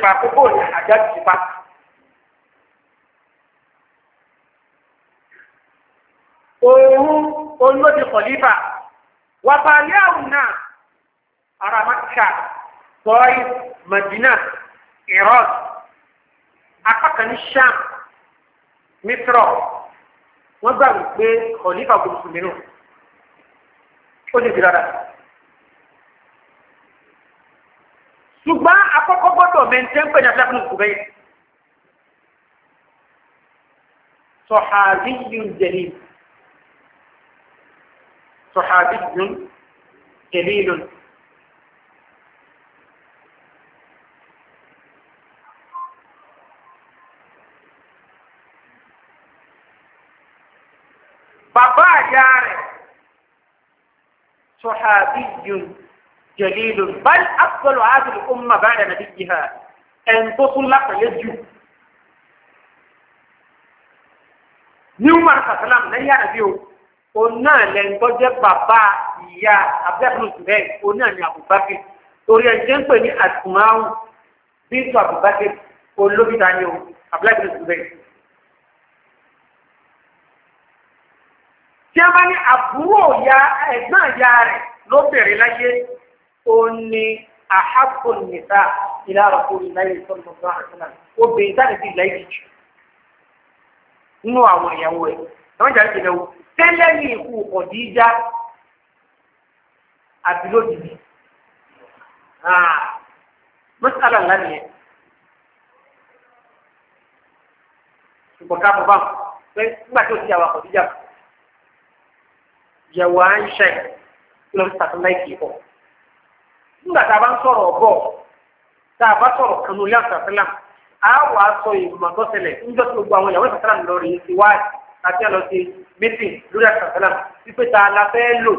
pa kókó ní àjáde ti pa. Òun olóde kọ̀lífà wàpàlí àrùn náà ara Mákà tọ́í Madina Iraq apákan ní Sham Misra wọ́n gbà wípé kọ̀lífà gbogbo mìíràn ó lè di dáadáa. ṣùgbọ́n akọ́kọ́ gbọ́dọ̀ mẹ́ntẹ́ pẹ̀lú abúlé kò bẹ́yẹ. Sọ̀hábí yun jẹ̀lí. bàbá àyà rẹ̀ sọ̀hábí yun jẹ̀lílù bal afdalu àádùn umma ba'da nabiyyiha ẹ̀ń tó tún lápẹ̀lẹ́ jù. ní umar sasalam lẹ́yìn àbí o òun náà lẹ́yìn tó jẹ́ bàbá ìyá abdulhamid bẹ́ẹ̀ òun náà ni abubakar torí ẹ̀ jẹ́ ń pè ní àtùmáwù bí abubakar olóbi ni o abdulhamid bẹ́ẹ̀. tí a bá ní àbúrò ya ẹ̀gbọ́n ya rẹ̀ ló bẹ̀rẹ̀ láyé أني أحب النساء إلى رسول الله صلى الله عليه وسلم وبيتان في ليلج nínú àwọn ìyàwó rẹ̀ wọ́n jà nípa ìdánwò tẹ́lẹ̀ ní ikú Khadija àti lójijì ah, mọ́sálà ńlá ṣùgbọ́n ká bọ̀ bá pé nígbà tó ti àwọn Khadija yẹ̀wò à ń ṣe lọ́sàtúnláìkì pọ̀. nígbà tá a bá ń sọ̀rọ̀ ọ̀bọ̀ tá a bá sọ̀rọ̀ kanu ilé àtàtàlà a wà á sọ ìgbìmọ̀ tó ṣẹlẹ̀ níjọ́ tí gbogbo àwọn ìyàwó àtàtàlà ń lọ rí sí wáyé àti àlọ́ mítìn lórí àtàtàlà wípé ta la fẹ́ lò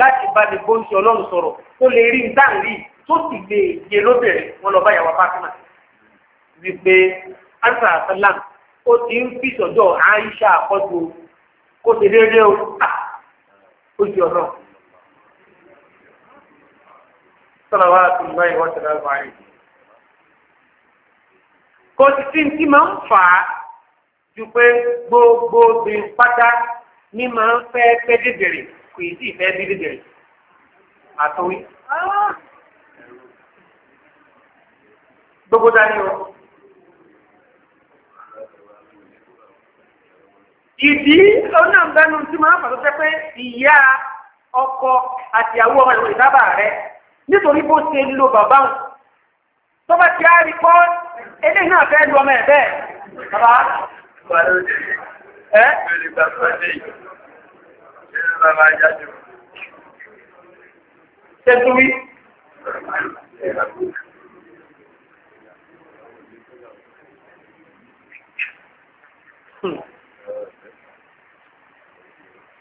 láti bá ní bóńsì ọlọ́run sọ̀rọ̀ tó lè rí dáǹrí tó sì lè yé lóbìnrin wọn lọ bá ìyàwó Fátímà wípé àtàtàlà ó ti ń fi sọ̀dọ̀ Àìṣà àkọ́jú kó ti déédéé o ojú ah! صلوات الله وسلامه عليه kò sì sí tí máa ń fà á ju pé gbogbo obìnrin pátá ní máa ń fẹ́ fẹ́ débèrè kò ì sì fẹ́ bí débèrè àtọwí. gbogbo dání o. ìdí onáǹbẹ́nu tí máa fà tó jẹ́ pé ìyá ọkọ àtìyàwó ọmọ ìwé ìdábà rẹ̀ nítorí bó ṣe lo bàbá wọn tó bá ti á rí pọ́ eléyìí náà fẹ́ lu ọmọ ẹ̀ bẹ́ẹ̀ bàbá. ẹ ṣe tún wí.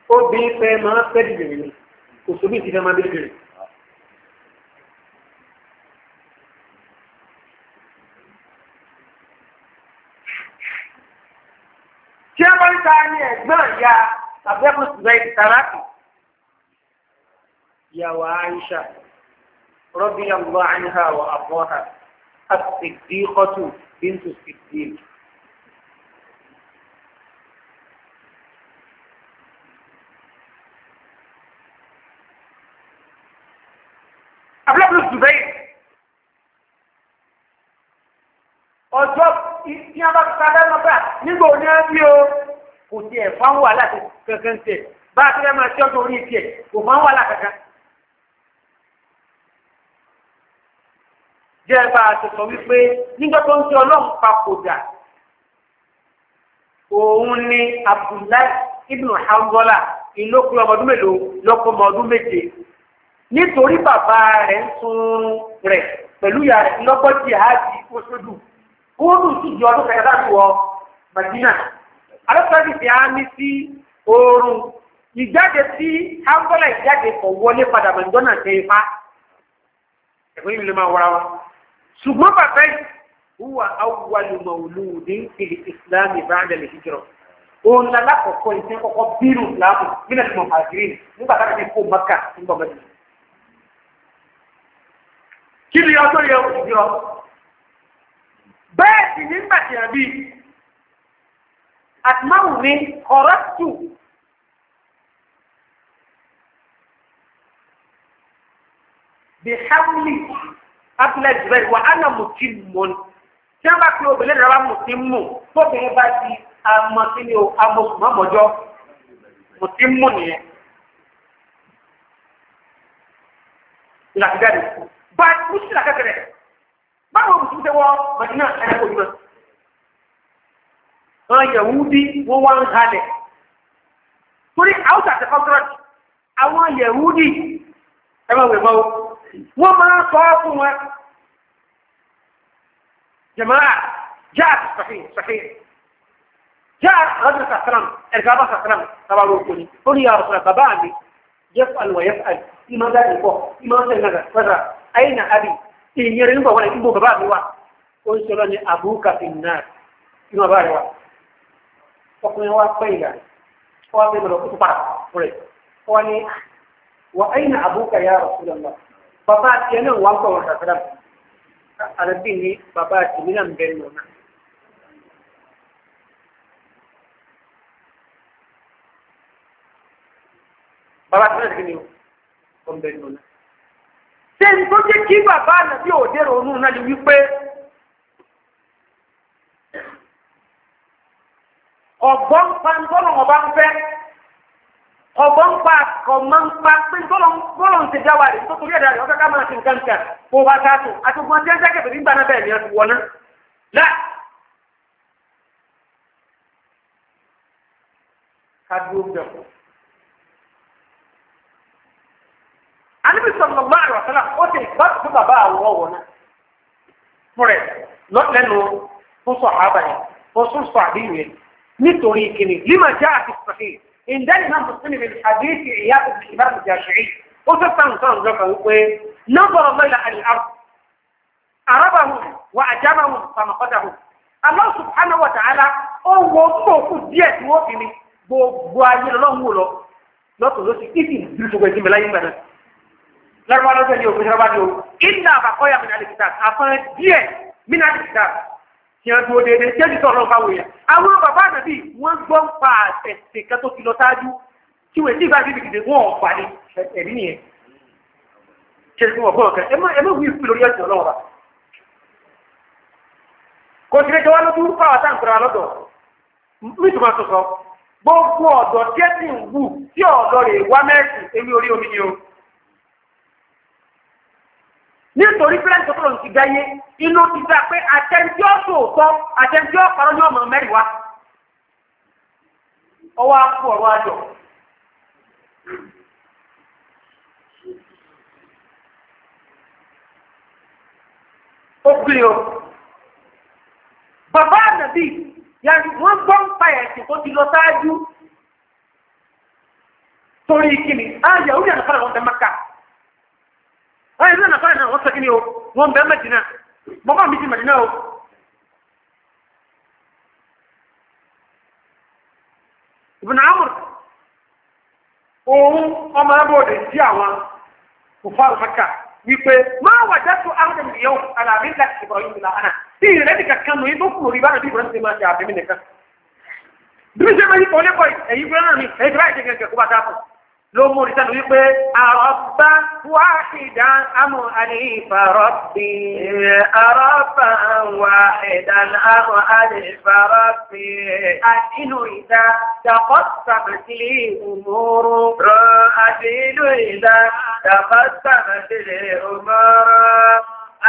Obìnrin fẹ́ máa fẹ́ dìbìrì ni, kò sóbì ti fẹ́ máa dìbìrì. ta ni ẹ̀gbọ́n ìyá àbẹ́kùn ṣùgbọ́n ìdí tàràkì. ìyàwó Aisha radiyallahu anha wa àbọ̀hà as-siddiqatu bintu siddiq. abúlé zubẹ́yì ọjọ́ ìyá ti sábẹ́ lọ́gbà nígbà òní ẹbí o kò tiẹ̀ fáwọn wàhálà kankan tiẹ̀ bá a ti rẹ́ máa ṣọ́jú orí tiẹ̀ kò fáwọn wàhálà kankan. jẹ́ bá a ti sọ wípé nígbà tó ń ṣe ọlọ́run papòdà òun ni Abdullahi ibn Hanzala ìlókun ọmọdún mélòó lọ́kọ́ ọmọdún méje nítorí bàbá rẹ̀ ń sun rẹ̀ pẹ̀lú ìyá rẹ̀ lọ́gbọ́n jihadi oṣooṣù kóòdù sì di ọdún kẹta láti wọ Madina alọ́sọ̀rọ̀ ti á ní sí oorun ìjáde sí ámbọ́là ìjáde kọ̀ wọlé padà mọ̀jọ́ náà tẹ ipá ẹ̀kọ́ yìí ló máa wọra wa. ṣùgbọ́n bàbá yìí huwa awwalu mawludin fil islam ba'da al-hijra òun la lákòókò ìsìn kọ́kọ́ bírù láàbù nínú ìmọ̀ àgírí nígbà tá a ti kó maka nígbà mẹ́ta. kí ni ọjọ́ yẹ òṣìṣẹ́ bẹ́ẹ̀ sì nígbà tí a bí at mawdhin kharajtu bihamli abla jibril wa ana mutimmun tí a bá fi obìnrin rẹ̀ bá mutimmu tóbìnrin bá di amọ̀kíni o amọ̀sùnmọ́mọ́jọ́ mutimmu nìyẹn. ìlàkújáde bá a ti kú sí ìlàkẹ́kẹ̀rẹ̀ báwo musu tẹ wọ màdínà ẹ̀rẹ́ kojú náà. àwọn yẹ̀wúdí wọ́n wá ń halẹ̀ torí àwọn àti kọ́ńtírọ́tì àwọn yẹ̀wúdí ẹgbẹ̀gbẹ̀mọ́ wọ́n máa sọ fún wọn jẹ̀máà jáàtì sàfihàn sàfihàn جاء رجل سحرم ارجع بقى سحرم طبعا وقولي قولي يا رسول الله بابا عمي يسأل ويسأل إما ذا يبوه إما ذا ينزل فزر أين أبي إن يريد ولا يبوه بابا عمي واحد قلت له أبوك في النار إما بابا عمي واحد ọkùnrin wa pẹ́ ìlà ó wá bẹ́ẹ̀ lọ kó tó pa rẹ̀ ó wá ní wà á yìnà àbúkà yà Rasulullah bàbá àti ẹni wà ń bọ̀ wọn àdàbí ni bàbá àti mi náà ń bẹ́ẹ̀ lọ bàbá àti mi náà ń bẹ́ẹ̀ lọ ṣé n tó jẹ́ kí bàbá àti òde rònú náà ni wípé. ọ̀gbọ́n pa ńgbọ́nà ọba ń fẹ́ ọ̀gbọ́n pa ọ̀mọ́ ń pa pé gbọ́nà ń ti dá wa rè tó torí ẹ̀dá rẹ̀ ọ̀gá ká máa ti nǹkan kan kó bá ká tó àti ogun ọjọ́ ẹ̀jẹ̀ kẹfẹ́ nígbà náà bẹ́ẹ̀ ni ẹ̀sùn wọ̀nà. Lá ká dúró bẹ̀ kú. Àníbi sọ̀rọ̀ lọ́gbọ́n àrọ̀ sọ́lá ó ti gbọ́ fún bàbá àwọ̀ wọ̀ náà. Fúnrẹ̀ lọ́tẹ̀ẹ́nu fún sọ̀ nítorí kìíní lima jẹ́ àti sàfihì ìdánimọ̀ náà mùsùlùmí bẹ̀rẹ̀ àdéhìí ìyá ìbùsùn ìbára ìjà ṣèyí ó fẹ́ sáwọn sáwọn ìjọ kan wípé nọ́bọ̀rọ̀ mẹ́lá àlè àrọ́bàhùn wà àjábàhùn pàmọ́kọ́dàhùn Allah subhanahu wa ta'ala ó wo mọ̀ọ́kù díẹ̀ tí wọ́n fi mi gbogbo ayé lọ́wọ́ wò lọ lọ́tọ̀ ló ti ìsìn ìdúró tó gbẹ̀dí mi láyé gbẹ̀dẹ̀ lọ́rọ̀ wọn lọ́jọ́ ni òkú sábà ni o ìlà àbàkọ́yà mi nàlẹ́ kìtà àfọ̀n díẹ̀ mi nàlẹ́ kìtà tiẹ̀ dúró déédéé tí ó ti sọ̀rọ̀ nǹkan wòye àwọn bàbá gbọ́ ń pa àtẹ̀sẹ̀ kan tó fi lọ sáájú tí wọ́n ti bá bíbí dìde wọ́n ò fà ní ẹ̀rí nìyẹn ṣe fún ọgbọ́n kan ẹ má wí ìpìlórí ọ̀sẹ̀ ọlọ́wọ́ bá kò sí lẹ́jọ́ wá lójú fáwọn táǹkùrà lọ́dọ̀ nítorí àtúntò gbogbo ọ̀dọ̀ tí ẹ ti ń wù tí ọ̀dọ̀ rẹ̀ wá mẹ́sì ewé orí omi o nítorí pẹ́lẹ́ntì tó lọ́nà ti dáyé inú ti dá pé àtẹ̀jọ́ sòótọ́ àtẹ̀jọ́ parọ́ ní ọmọ mẹ́rin wá ọwọ́ akú ọ̀rọ̀ àjọ. ó gbé o bàbá ànàbì yàrá wọn gbọ́ ń pa ẹ̀sìn tó ti lọ sáájú torí kíni ayé òun yàrá fara wọn bẹ maka ayé òun yàrá fara wọn sọ kíni o wọn bẹ mẹjìnà mọ́kàn mi ti mẹjìnà o. Ibn Amr òun ọmọ ẹgbẹ́ sí àwọn kòfàrù Mẹ́kà wípé máa wà dátú áwọn ènìyàn alàmì láti Ibrahim ìlà àná tí ìrẹ́ nìkan kan nù inú kùrù ìbára bí Ibrahim ti máa ṣe àbẹ̀mí nìkan. Bí mi ṣe máa yí pọ̀ lẹ́kọ̀ọ́ ẹ̀yí fẹ́ràn mi ẹ̀yí fẹ́ràn mi kẹ́kẹ́ kó bá dáàbò ló mú ìtàn wípé àrọ́bá wá ìdá àmú àlìfà rọ́bì àrọ́bá wá ìdá àmú àlìfà rọ́bì àdínú ìdá dàkọ́sàmẹ́sílì òmòrò rọ àdínú ìdá dàkọ́sàmẹ́sílì òmòrò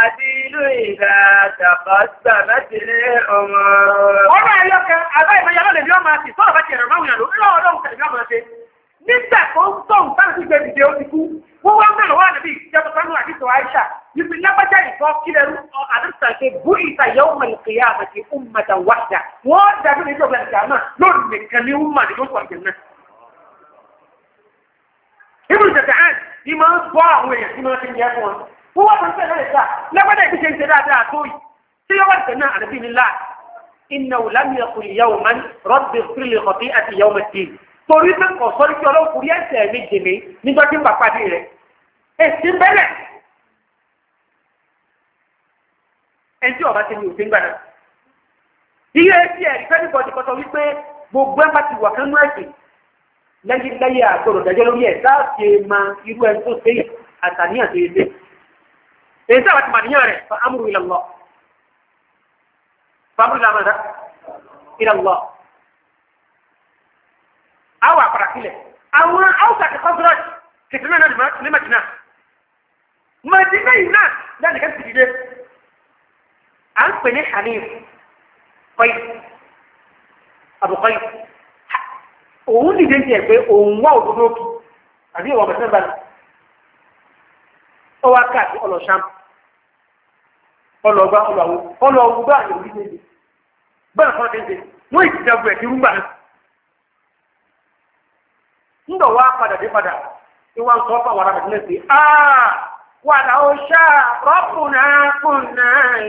àdínú ìdá dàkọ́sàmẹ́sílì òmòrò. ọ̀rọ̀ ayọ́kẹ́ àbá ìmọ̀yálọ́lẹ̀ ni ó máa ti sọ́ọ̀ bá ti ẹ̀rọ máwùyàn lò ńlọ́ọ̀dọ́ nígbà tó ń tọ̀ ń báyìí gbé dìde ó ti kú wọ́n wá mẹ́rin wà níbi ìjọba kánú àdìsọ Aisha yìí fi lágbájá ìfọ́ kílẹ̀ rú àdìsọ ṣe bú ìtàyẹ̀wò mẹ̀lẹ̀kẹ̀yà àmàtì ummata wahda wọ́n dàbí ní ìjọba ìjà náà lórí nìkan ní ọmọ àdìsọ ọ̀gbìn náà. ibùdó tẹ̀tẹ̀ hàn ni máa ń bọ́ àwọn èèyàn tí máa fi yẹ fún wọn. wọ́n wá sọ nípa ìlẹ́yìn lágbájá ìfi ṣe ń ṣe dáadáa tó yìí tí yọ wá ìtẹ̀ náà àdàbí ní láà إنه لم يقل يوما رب اغفر لي خطيئتي يوم الدين torí pé kò sọ́rí kí ọlọ́run kò rí ẹ̀ṣẹ̀ mi jèmi nígbà tí bàbá pàdé rẹ̀ ẹ̀sìn bẹ́lẹ̀ ẹ̀sìn ọ̀bá ti ní òfin gbàdá. ilé ẹtí ẹ̀rí fẹ́ẹ́ bọ̀ dìkọ̀tọ̀ wípé gbogbo ẹ̀ bá ti wà kánú ẹ̀sìn lẹ́yìn lẹ́yìn àgbọ̀dọ̀ dájọ́ lórí ẹ̀ láti ma irú ẹni tó ṣe àtàníyàn tó ṣe. èyí sábà ti màníyàn rẹ̀ fa amúrú ila Allah fa amúrú ila Allah padà sílẹ̀ àwọn haúsá ti kọ́sọ́rọ̀ kìtì náà ní mẹ́tìnà mẹ́tìnà yìí náà lẹ́nu kẹ́tì dìde à ń pè ní hanif kọ́yì àbùkọ́yì òun dìde ní ẹgbẹ́ òun wá òdodo òkè àbí ìwà ọ̀bẹ̀sẹ̀ balẹ̀ ó wá káàkiri ọlọ́ṣàm ọlọ́gbà ọlọ́wọ́ ọlọ́wọ́ gbà yòó dídé bẹ́ẹ̀ kọ́ dídé wọ́n ì ńdọ̀ wá padà dé padà tí wọ́n sọ fún àwọn ará mẹ́tìlẹ́ sí a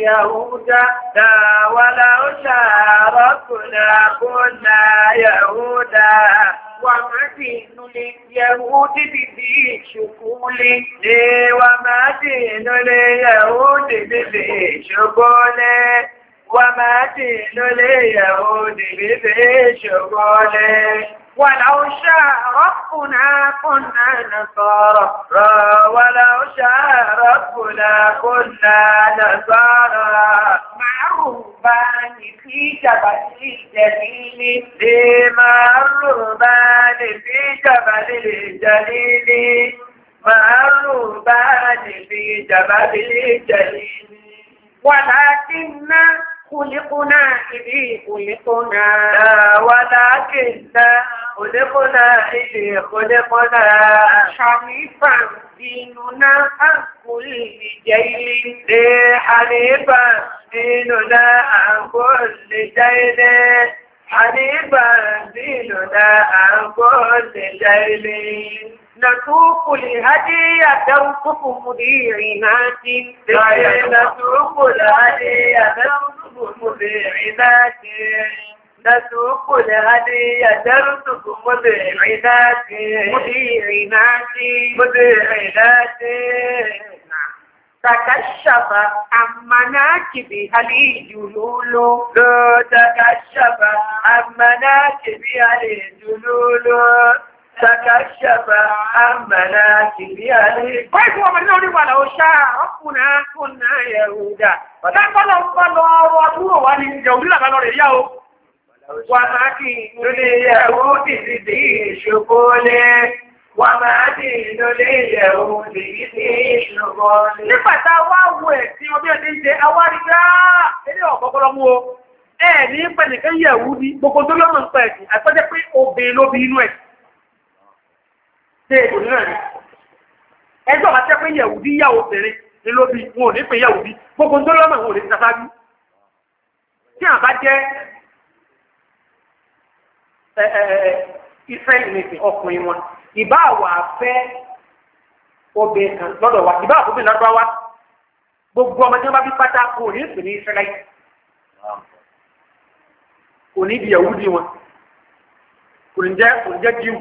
Yahuda dà wà lá ó ṣá Yahuda wà má Yahudi bìbí ìṣùkúlẹ̀ lè wà má ti nulẹ̀ Yahudi bìbí ìṣùkúlẹ̀. وما دين اليهود بذي شغله ولو شاء ربنا كنا نصارى ولو شاء ربنا كنا نصارى مع في جبل الجليل مع في جبل الجليل مع في جبل الجليل ولكن خلقنا إذي خلقنا لا ولكننا خلقنا إذي خلقنا حنيفا ديننا عن كل جيل حنيفا ديننا عن كل جيل حنيفا ديننا عن كل جيل نسوق الهدي مذيع مذيعنات نسوق الهدي مذيع مذيعنات نسوق الهدي ترتب مذعنات مذيع مذعنات تكشف عن مناكبها الجلول تكشف عن مناكبها الجلول تكشف عن مناكب أهله كيف هو من ولو شاء ربنا كنا يهودا فكان بلو بلو وطوه وان جولنا بلو رياو وما دين اليهود بذي شكول وما دين اليهود بذي شكول nígbà tá a wá wo ẹ̀sìn ọbẹ̀ ọdẹ ń ṣe awárí gbá eré ọ̀pọ̀pọ̀lọ́ mú o ẹ̀ ní pẹ̀lẹ̀kẹ́ yẹ̀wú ní gbogbo tó lọ́nà ń pẹ̀lú àpẹjẹ pé obìnrin ló bí inú ẹ̀sìn ṣe èdò náà ni ẹgbẹ́ ọ̀gá tẹ́ pé yẹ̀wùdí yàwó obìnrin ni ló bí wọn ò ní pè yẹ̀wùdí gbogbo tó lọ́mọ wọn ò lè ti sáfájú tí à bá jẹ́ ìfẹ́ ìrìnsìn ọkùnrin wọn ìbá wà fẹ́ obìnrin kan lọ́dọ̀ wa ìbá àkóbìn lọ́dọ̀ wa gbogbo ọmọ tí wọ́n bá bí pátá kò ní pè ní ìfẹ́ láì kò ní ìdíyàwó dí wọn kò ní jẹ́ kò ní jẹ́ jíù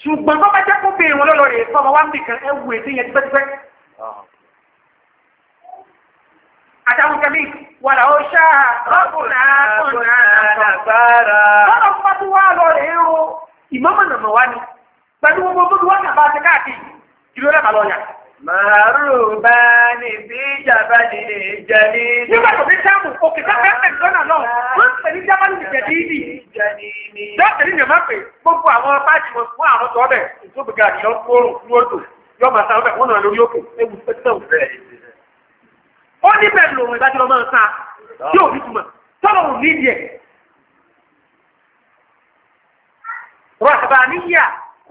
ṣùgbọ́n tó bá jẹ́ kó bèèrè wọn lọ́lọ́ rẹ̀ fọmọ wá ń bì kan ẹwù èdè yẹn tipẹ́tipẹ́. àtàwọn kẹmí wà láwọ ṣá ọkùnrin àkùnrin àgbára. lọ́dọ̀ fún wa tó wá lọ rẹ̀ ń ro ìmọ̀mọ̀nàmọ̀ wá ni pẹ̀lú gbogbo gbogbo wọn kà bá ti káàkiri ìlú ọ̀rẹ́ màlọ́ọ̀yà. Màrúbá ní bí ìjàmbá ní ìjẹ̀lì. Nígbà tó fi sáàmù, òkè tó fẹ́ pẹ̀lú lọ́nà náà, wọ́n ń pè ní jábá ní ìjẹ̀lì ìdì. Dọ́ọ̀tì ní ìyàmá pè gbogbo àwọn fáàjì wọn fún àwọn tó ọbẹ̀ tó gbèga àdìyọ kóòrùn ní odò yọ màá sa ọbẹ̀ wọn náà lórí òkè ewu pẹ́tẹ́ òfẹ́. Ó ní bẹ́ẹ̀ lòun ìdájọ́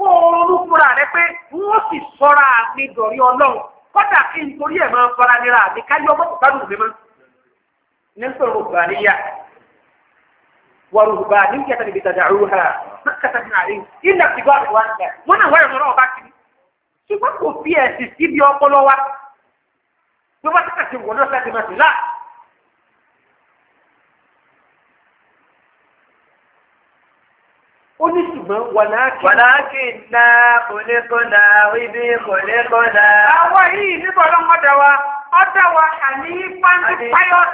kó o ronú fúnra rẹ pé wọ́n sì sọ́ra mi dọ̀rí ọlọ́run kọ́dà kí n torí ẹ̀ máa fara nira mi ká yọ mọ́tò kánú mi mọ́. nípa rògbàníyà wà rògbàníyà kẹta níbi tàdà àrùn ha kẹta ní àárín ilẹ̀ ti gbọ́ àdúrà ńlẹ̀ wọ́n náà wáyọ̀ mọ́ra ọba kiri ṣùgbọ́n kò fi ẹ̀sìn síbi ọpọlọ wa tó tẹ̀sí wọ́n náà ó ní ṣùgbọ́n wàláàkì. wàláàkì ná kòlékòlá ibi kòlékòlá. àwa yìí níbo ló ń kọ́dà wa ọ̀dà wa àní pàǹtí páyọ̀.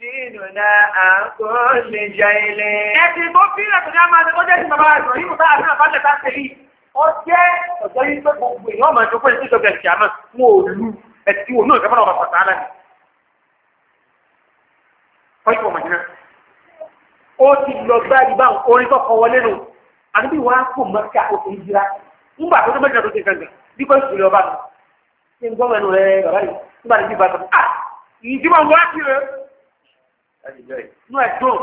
dínú na à ń kó lè jẹ ilé. ẹ̀sìn bó bí ẹ̀sìn náà máa ṣe kó jẹ́ sí bàbá rẹ̀ sọ̀rọ̀ yìí bàbá àti bàbá lẹ̀ bá ṣe yìí. ó jẹ́ ọ̀jọ́ yìí pé gbogbo èèyàn máa dúpẹ́ sí ìjọba ẹ̀sìn àmọ́ wọn ò lu ẹ̀sìn wo náà ìjọba náà máa pàtàkì ó ti lọ gbá ibà orin tó kọ wọlé nù àdúgbò wa kò mọ́kà ó fi jira ńgbà tó tó bẹ́ẹ̀ tó ti gàngàn bí kò sì lọ́ba mi ṣe ń gbọ́ mẹ́nu rẹ bàbá yìí ńgbà tó ti bàtà à ìdí máa ń wá sí rẹ. nú ẹ̀ dùn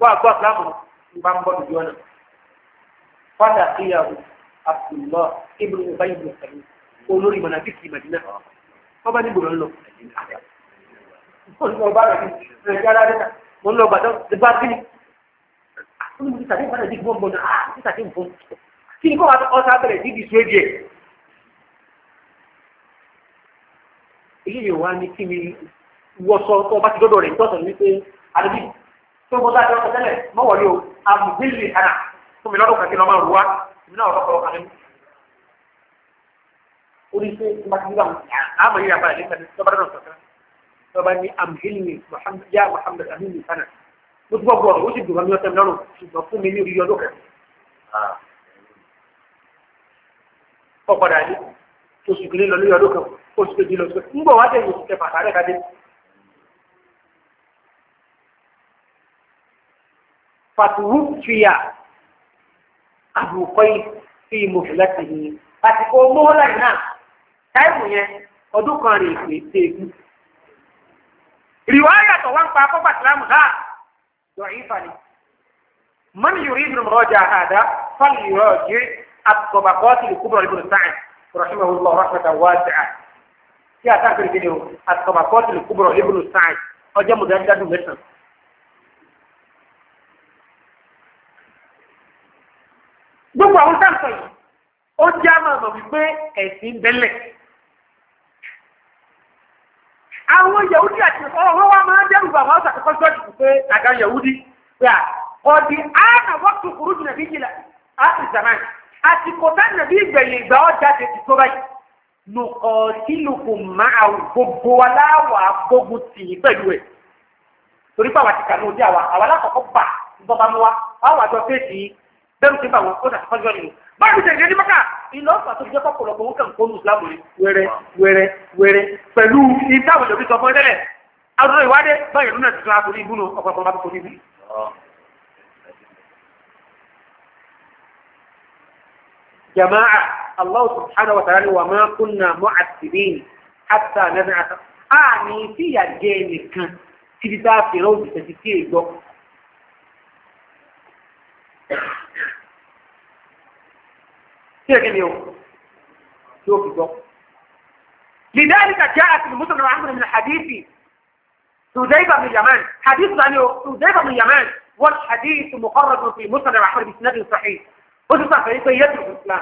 bọ́ àgbọ̀ fúlàmù ń bá ń bọ́ dùdú ọ̀nà fada kíyàwó Abdullah ibn Ubay ibn Salul olórí mọ̀nàfíìsì Madina ọba ní gbòòrò ńlọ ọba rẹ̀ ní ẹ̀ka rárá mo ń lọ gbàdọ́ ti bá kíni ó ní mo ti sàdé ìbára ìdíje gbọ́ngbọ́n náà ah ti sàdé nǹkan kí ni kó wa ọ̀sà bẹ̀rẹ̀ sí ìdíje ìdíje. èyí yóò wá ní kí ni wọ́sọ tó bá ti dọ́dọ̀ rẹ̀ tọ́sọ̀ ní pé àdébí tó bọ́ sáà tẹ́lẹ̀ tẹ́lẹ̀ mọ́wọ́lé o àmùbílì àná fún mi lọ́dún kàkí lọ́mọ rúwa èmi náà ọ̀rọ̀ kọ̀ọ̀kan ní. orí pé màtìlá àmọ̀ yìí àbáyé nípa ní tọ́ba náà sọ̀tàn tọ́ba ní àmùbílì muhammed yá muhammed amílì sánà ó ti gbọ́gbọ́ ó sì dùn mí ọtẹ mi lọ́rùn ṣùgbọ́n fún mi ní orí ọdún kẹrin. ọ̀padà yìí oṣù kìíní lọ lórí ọdún kan oṣù kejì lọ sí ń bọ̀ wá tẹ̀yìn oṣù kẹfà sáré kadé. fàtúwù fìyà àbùkọ́ yìí fi mòfìlá tẹ̀yìn àsìkò mọ́wọ́lá yìí náà táìmù yẹn ọdún kan rè é pé é kú. ìrìwá yàtọ̀ wá ń pa akọ́gbàsílámù náà. ضعيفا من يريد المراجعة هذا فليراجع الطبقات الكبرى لابن سعد رحمه الله رحمة واسعة يا تاكر كده الطبقات الكبرى لابن سعد أجا مدرجة مثلا gbogbo àwọn táǹkà yìí ó jẹ́ àmàmà wípé àwọn yahudi àti ọ̀rọ̀ wa máa ń dẹ́rù bá wọn sàkókò ṣọ́ọ̀ṣì pé àga yahudi pé à ọ̀dì àná wọ́pù kúrú jù nàbí jìlá àti zaman àti kòtà nàbí ìgbẹ̀yìn ìgbà ọjà ti ti tó báyìí nùkọ́ sílùkùn máa gbogbo aláwọ̀ gbogbo tì í pẹ̀lú ẹ̀ torí pé àwọn àti kànú ojú àwa àwọn alákọ̀ọ́kọ́ bà ń bọ́ bá mú wa àwọn àjọ fèsì bẹ́ẹ̀ báyìí ṣe ìdílé mọ́kà iná ọ̀sà tó jẹ́ kàn kó wẹ́rẹ́ wẹ́rẹ́ wẹ́rẹ́ pẹ̀lú ìjọba ìsọfún ìwádé báyìí lónà ìbúnú ọ̀pọ̀lọpọ̀ Allah wa ta'ala wa ma kunna a nìkan لذلك جاءت المسلم رحمه من الحديث سوزيبة من اليمن حديث عن سوزيبة من اليمن والحديث مقرر في مسلم رحمه بسند صحيح وسوزيبة في يترك الإسلام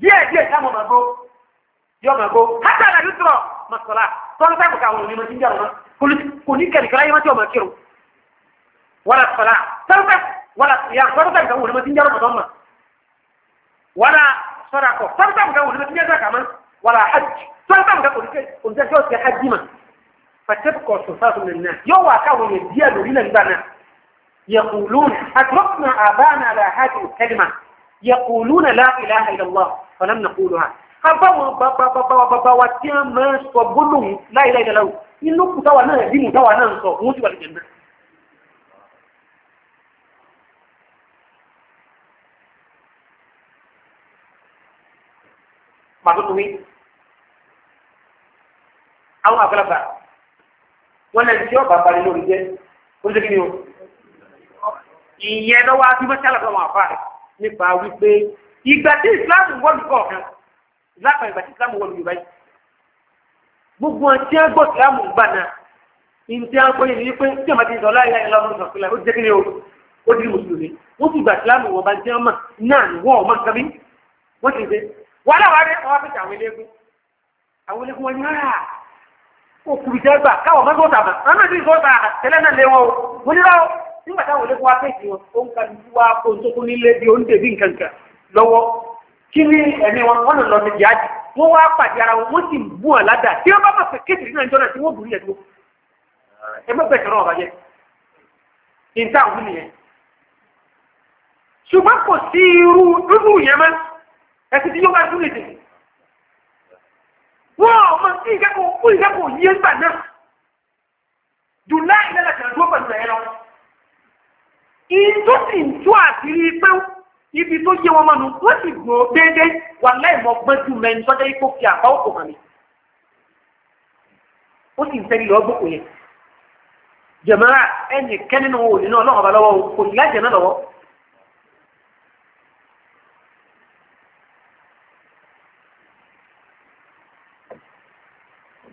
جاء جاء جامع ما جو يوم جو حتى لا يترى ما الصلاة صلاة ما كانوا لما تنجرنا كل كل كل كل ما تيوم كيرو ولا الصلاة صلاة ولا يا صلاة ما كانوا لما تنجرنا ضمه ولا صدقة صدقة مكان ولد تنيا زكاة ولا حج صدقة مكان ولد ولد جوز حج من فتبقى صفات من الناس يوا كاو يديالو لنا بنا يقولون أتركنا آبانا على هذه الكلمة يقولون لا إله إلا الله فلم نقولها أبوا بابا بابا بابا وتيا ما سبلهم لا إله إلا الله إنه كتوانا دين كتوانا نصو موجب الجنة pàtó tó wí. àwọn àgbàlagbà wọn lẹni tí ọba balẹ̀ lórí jẹ́ ó ń ṣe kí ni o. ìyẹn lọ́wọ́ àti mọ́ṣálà fún àwọn àfa rẹ̀ nípa wípé ìgbà tí ìsìláàmù wọ́ọ̀lù kọ̀ọ̀kan ìsìláàmù ìgbà tí ìsìláàmù wọ́ọ̀lù yorùbá yìí gbogbo ọtí agbọ́ ìsìláàmù gbà náà ìntí agbọ́ yìí ni pé tí ọmọdé ń sọ láyé láyé lọ́wọ́ sọ fúnra ó jẹ́ kí ni o ó di mùsùlùmí wọ́n ti gbà ìsìláàmù wọ́n bá jẹ́ ọmọ náà wọ́n ọmọ nǹkan bí ti ṣe wọ́n náà wá dé wọ́n fi tàwọn eléegun àwọn eléegun wọn yára òkú ìjọba o wọ́n ní báwo nígbà táwọn eléegun wá pèsè wọn ó ń ka lùú wá kó ń tókun nílé bí oúnjẹ bí nǹkan kan lọ́wọ́ kí ni ẹ̀mí wọn wọn lọ ní jáde wọ́n wá pàdé ara wọn wọ́n kò sí irú irú yẹn mọ́ ẹ̀sìn tí yóò wá fún èdè wọ́n ọmọ sí ìkẹ́kọ̀ọ́ fún ìkẹ́kọ̀ọ́ yíyé gbà náà July lẹ́la kan tó pẹ̀lú ẹ̀ lọ ìjọ sì ń tú àṣírí pé ibi tó yé wọn mọ́nu wọ́n sì gbò ó déédé wà láìmọ̀ gbọ́n ju mẹ́rin tọ́jọ́ ipò fi àbá òkò hàn mí ó sì ń tẹ́lẹ̀ lọ gbòkò yẹn jẹ̀mọ́ra ẹnì kẹ́ni nínú ọlọ́run náà lọ́wọ́.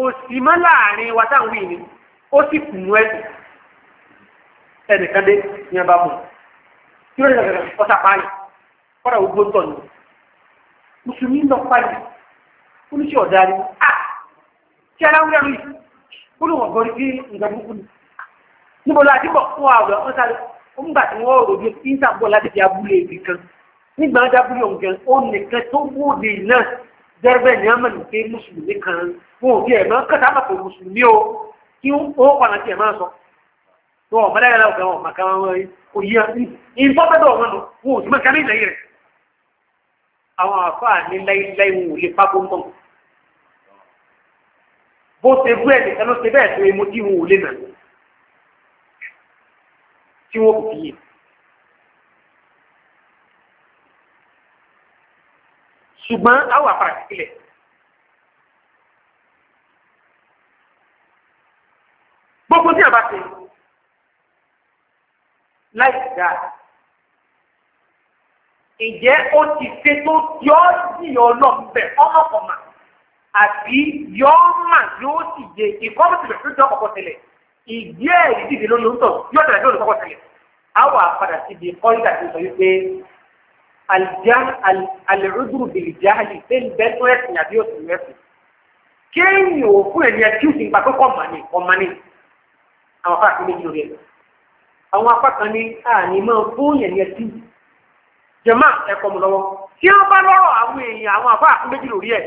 kò mọ́ láàrin wa ni ó sì kùnú ẹ̀sìn ẹnìkan dé ní ọba mọ̀ tí ó lè rẹ̀ ọ̀sà pààyàn kọ́dà gbogbo tọ̀ ni mùsùlùmí lọ pààyàn oníṣẹ́ ọ̀dà ni à tí aláwúrẹ́ rí olùwọ̀n gọ́rí sí nǹkan burúkú ni níbo la dìbò fún àwọ̀ ọ̀hún sáré ó ń gbà tí wọ́n rò bí ìsàbọ̀ láti di abúlé ibì nígbà wọn dábúlé òun gan ó nìkan tó wóde náà dẹ́rẹ́bẹ̀ ni a mọ̀ ní pé mùsùlùmí kan wọn ò fi ẹ̀ máa kẹta àpapọ̀ mùsùlùmí o kí ó pàdà tiẹ̀ máa sọ wọn ò mọ̀lẹ́yà láwùjọ wọn màkà wọn òyì ìfọ́fẹ́dọ̀ wọn nù wọn ò sì máa kẹ́mí ìlẹ́yìn rẹ̀ àwọn àfáà ní láíláí wọn ò lè pa gbọ́ngàn bó ṣe gbé ẹ̀ nìkan ló ṣe bẹ́ẹ̀ tó emu wọn ò lè nà ṣùgbọ́n àwọn àpàràkì sílẹ̀. gbogbo tí a bá ṣe láì dá ìjẹ́ ó ti ṣe tó yọ ọ́ sí ọlọ́ọ̀bẹ ọmọkùnmá àbí yọ ọ́ mà yóò sì yẹ ìkọ́mọ̀tìlẹ̀ tó jọ kọ̀kọ́ tẹ̀lẹ̀ ìdí ẹ̀ ìdíje ló ló ń tọ̀ yóò tẹ̀lé ló ló kọ̀kọ́ tẹ̀lẹ̀. a wà padà síbi kọ́ńtà tó sọ wípé alìrúdùrù bìlì jáàlì pé ń bẹ́ tó ẹ̀sìn àbí òsì mẹ́fù kéèyàn ò fún ẹ̀mí ẹtí òsì nípa pé kọ́mà ni kọ́mà ni àwọn apá kan méjì lórí ẹ̀ àwọn apá kan ní àní máa fún ẹ̀mí ẹtí jẹ̀má ẹ̀kọ́ mu lọ́wọ́ tí wọ́n bá lọ́rọ̀ àwọn èèyàn àwọn apá kan méjì lórí ẹ̀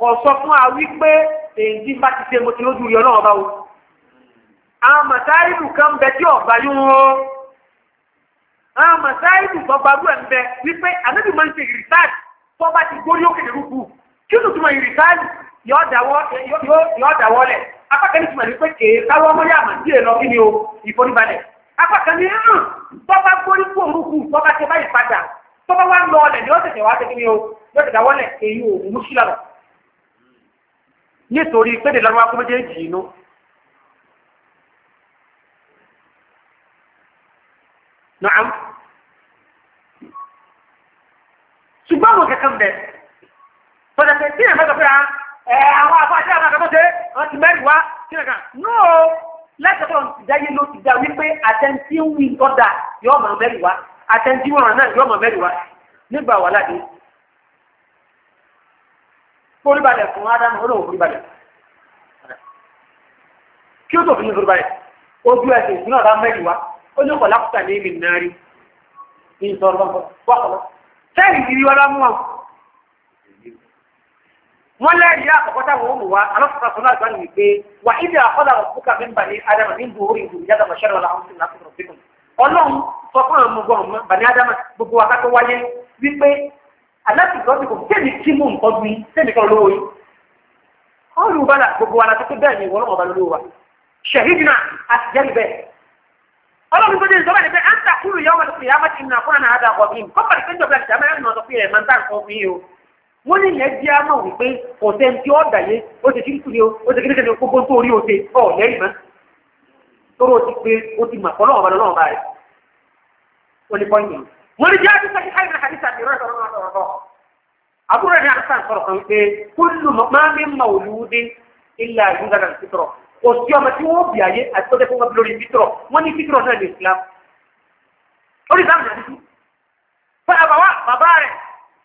kò sọ fún wa wípé èyí bá ti ṣe mo ti lójú rí ọ náà bá wo àwọn màtáìlù kan bẹ tí ọ̀gbá yún wọn àwọn màsáìlù gbọgbàrú ẹ̀ ń bẹ wípé ànábì máa ń ṣe ìrìsáàlì tó bá ti gbórí òkè lórúkú kí ló túmọ̀ ìrìsáàlì yóò dàwọ́ lẹ̀ apákan ní túmọ̀ ní pé kèé káwọ́ mọ́lẹ́ àmàdí ẹ̀ lọ kí ni o ìforíbalẹ̀ apákan ní hàn tó bá gbórí kú òrùkú tó bá ti báyìí padà tó bá wá ń lọ ọlẹ̀ ni ó tẹ̀tẹ̀ wá tẹ́kí ni o yóò tẹ̀tẹ̀ wọ́lẹ̀ èyí ò mú sí lọ. nítorí pédè lọ́rùn akọ́ méjèèjì inú ṣùgbọ́n àwọn kankan bẹ̀ tọ́jà pé tí ìyàmẹ́ta pé àwọn afáṣẹ́ àwọn akẹ́kọ̀ọ́ ṣe wọ́n ti mẹ́rin wá kí nìkan náà lẹ́sọ̀tọ̀ ti dáyé ló ti dá wípé àtẹ̀ntì ń wí nǹkan dà yọ ọmọ mẹ́rin wá àtẹ̀ntì wọn náà yọ ọmọ mẹ́rin wá nígbà wà ládé foríbalẹ̀ fún ádámù ó lóun foríbalẹ̀ kí ó tó fi ní foríbalẹ̀ ojú ẹsẹ̀ ìsúná ọ̀dá mẹ́rin wá ó ní ọ̀pọ̀ lákùtà ní ìmì náà rí sẹ́yìn ìrírí wa lámú wọn. wọ́n lẹ́rìí àkọ́kọ́ táwọn òmù wa alọ́sọ̀tà náà gbani wípé wà ìdí àkọ́dà òkúkà mi ń balẹ̀ adama ní gbòòrò ìlú yàtọ̀ mọ̀ṣẹ́rẹ́ wọn làwọn sì náà sọ̀rọ̀ fíkùn. ọlọ́run sọ fún àwọn ọmọ adama gbogbo wáyé wípé tẹ́mi kí mú nǹkan tẹ́mi lówó yìí. ọlọ́run tó dé ìjọba ni pé à ń takùrù yọ ọmọdé kùrìyà máa ti nà fún àná àdá ọkọ̀ bíi kọ́ pàdé péjọba àti àmọ́ ẹ̀rọ ọ̀dọ́ fìyà máa ń tà nǹkan fún yìí o. wọ́n ní ìyẹn jẹ́ àmọ́ wípé kò sẹ́ni tí ó dàyé ó ti kíkú ni o ó ti kíkú ni o gbogbo tó orí o ṣe ọ̀ lẹ́yìn mọ́. tóró ti pé o ti mà fọlọ́wọ́ ọ̀bàdàn náà báyìí. ó ní pọ́ǹyì. wọ́n ní jẹ́ àdúgbò káyọ̀ náà hadith kò sí ọmọ tí wọ́n bì ayé àti tọ́jú fún wọn lórí fítọ̀ wọ́n ní fítọ̀ náà ní Islam lórí Islam náà dúdú. fún àbáwá bàbá rẹ̀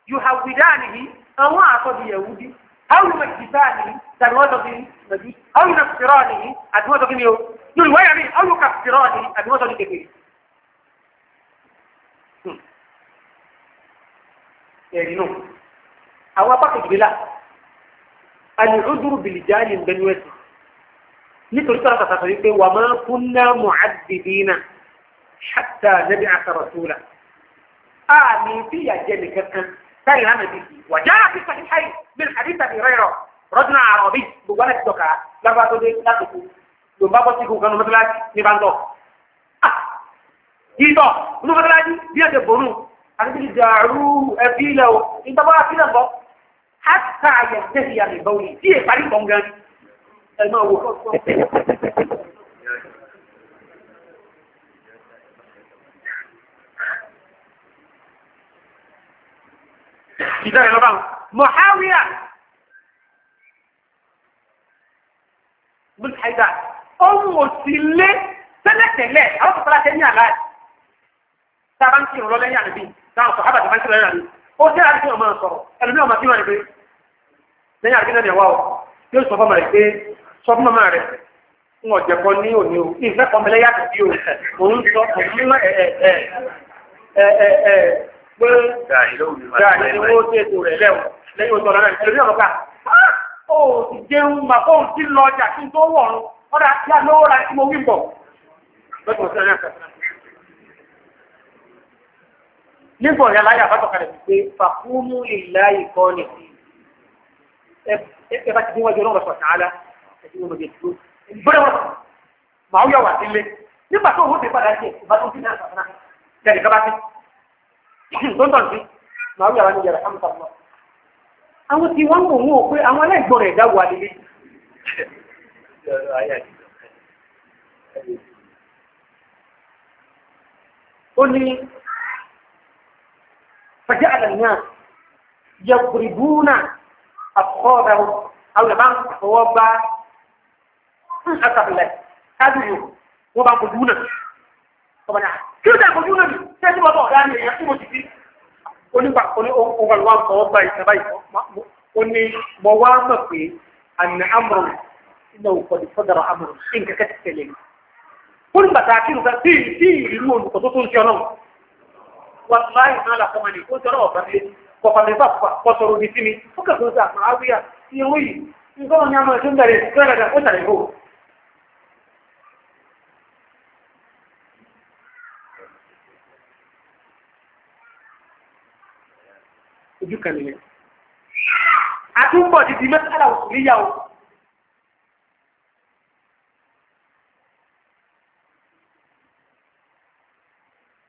yóò ha wìdá nìyí àwọn àtọ́jú Yahudi àwọn yóò mẹjì sáà nìyí tàbí wọ́n tọ́jú nàbí àwọn yóò nàfìrọ́ nìyí àti wọ́n tọ́jú mi o lórí wáyà mi àwọn yóò kàfìrọ́ nìyí àti wọ́n tọ́jú kékeré. ẹ̀rí náà àwọn apá kejìlélá àlùhùdúrú bìlìjáàlì ń bẹnu ẹ̀sìn nítorí pé àtàtà sọ wípé wà máa kunna mu'addibina hatta nab'atha rasula àmì bí ìyàjẹ́ nìkan kan táyì lánàá bí wàjá àti sàhíháì min hadith Abi Hurairah rọ́dúnà àrọ̀bí gbogbo àti tọ́ka lábàá tó dé láti ló ń bá bọ́ sí kú kanu mọ́tàlájì ní bàńdọ̀. Ìtọ̀ nínú mọ́tàlájì bí ẹ̀jẹ̀ bòrú àti bí ìdàrú ẹbí ilẹ̀ o ìtọ́gbọ́n ẹ máa wò ìdá ìlọ́bà mọ̀háwíà mùsàìdà ohun òsìlé tẹ́lẹ̀tẹ̀lẹ̀ àwọn kòkòrò àti ẹni àlá tàbá ń kí ìrànlọ́ lẹ́yìn àdìbí táwọn sọ hábà tàbá ń kí ìrànlọ́ lẹ́yìn ó jẹ́ àdìbí ọmọ sọ̀rọ̀ ẹlòmí ọmọ tí wọ́n rí pé lẹ́yìn àdìbí náà ni ẹ̀wá o yóò sọ fọ́mọ̀ rẹ̀ pé sọ́kùnmọ́ máa rẹ̀ ń ọ̀jẹ̀ kan ní òní o ní ìfẹ́ kan mẹ́lẹ́ yàtọ̀ bí o mò ń sọ òun mọ́ ẹ̀ ẹ̀ ẹ̀ ẹ̀ ẹ̀ ẹ̀ pé gàrí ni wọ́n ṣe ètò rẹ̀ lẹ́wọ̀n lẹ́yìn oṣù ọ̀la náà ẹ̀rí ọ̀rọ̀ ká ó ti jẹun mà kó ti lọ ọjà kí n tó wọ̀ ọ́n ọ̀dà tí a láyé àbátọ̀kalẹ̀ ti pé fàkúmù ìlà ìkọ́ni ẹ bá ti dín wájú ọlọ́run ọ̀sán àlá tí wọ́n lọ́jọ́ dúró gbọ́dọ̀ wọ́n màá yọ wà sílé nígbà tó òun ti padà jẹ ìbá tó ń fi náà sàmúnà jẹ́rìí kaba sí tó ń tọ̀ sí màá yọ wà ní yàrá kámi sàmúnà. àwọn tí wọ́n ń wò wọ́n pé àwọn aláìgbọ́n rẹ̀ dáwọ́ adilé. ó ní fàjẹ́ àdàlùyà yẹ kùrìbùnà àkọ́ọ̀dà àwọn ìbá fọwọ́ gbá asàfilẹ̀ káàdì yòó wọ́n bá ń kojú náà ọba náà kí ló dé kojú náà bi ṣé ẹni bọ́tọ̀ ọ̀dá ni èèyàn tí mo ti fi onígbà onígbàlùwà ń kọ́ ọgbà ìjọba ìfọ́ ó ní mọ wá mọ̀ pé àmì amúrò iná òkòdì fọ́dàrà amúrò sí nǹkan kẹ́tì tẹ̀lé mi. ó ní bàtà kí nǹkan tí tí ìlú olùkọ́ tó tún ṣe ọ̀nà wà láì náà làkọ́ mọ̀ ní ó jọ́rọ̀ ọ̀bà mi kọ̀ọ̀bà mi bá kọ̀ọ̀sọ̀rọ̀ òdì sí mi ó kẹ́ ojú kan nìyẹn àtúnbọ̀ dídí mẹ́tàlá òsì níyàwó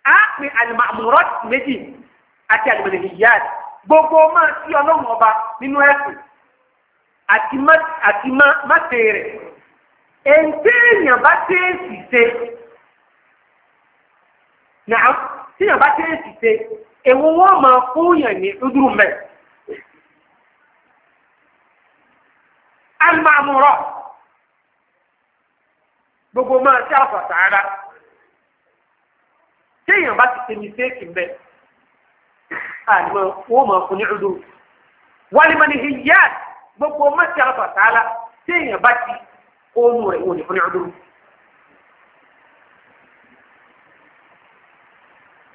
á pè àlùmọ̀ọ́rọ́ méjì àti àlùmọ̀lẹ̀ ìyá rẹ̀ gbogbo máa sí ọlọ́run ọba nínú ẹ̀sìn àti máṣe rẹ̀ èyí tí èèyàn bá tẹ́ẹ̀sì ṣe tíyàn bá kéèsì ṣe èwo wọ́n máa fúnyàn ní dúdúrú mẹ́. Al-Ma'murah gbogbo máa ṣe àfàtà ara tíyàn bá ti ṣe ní séèkì mẹ́ àìmọ̀ wọ́n máa fún ní dúdúrú. Wal-manhiyyat gbogbo máa ṣe àfàtà ara tíyàn bá ti kóònù rẹ̀ wọ́n ní fún ní dúdúrú.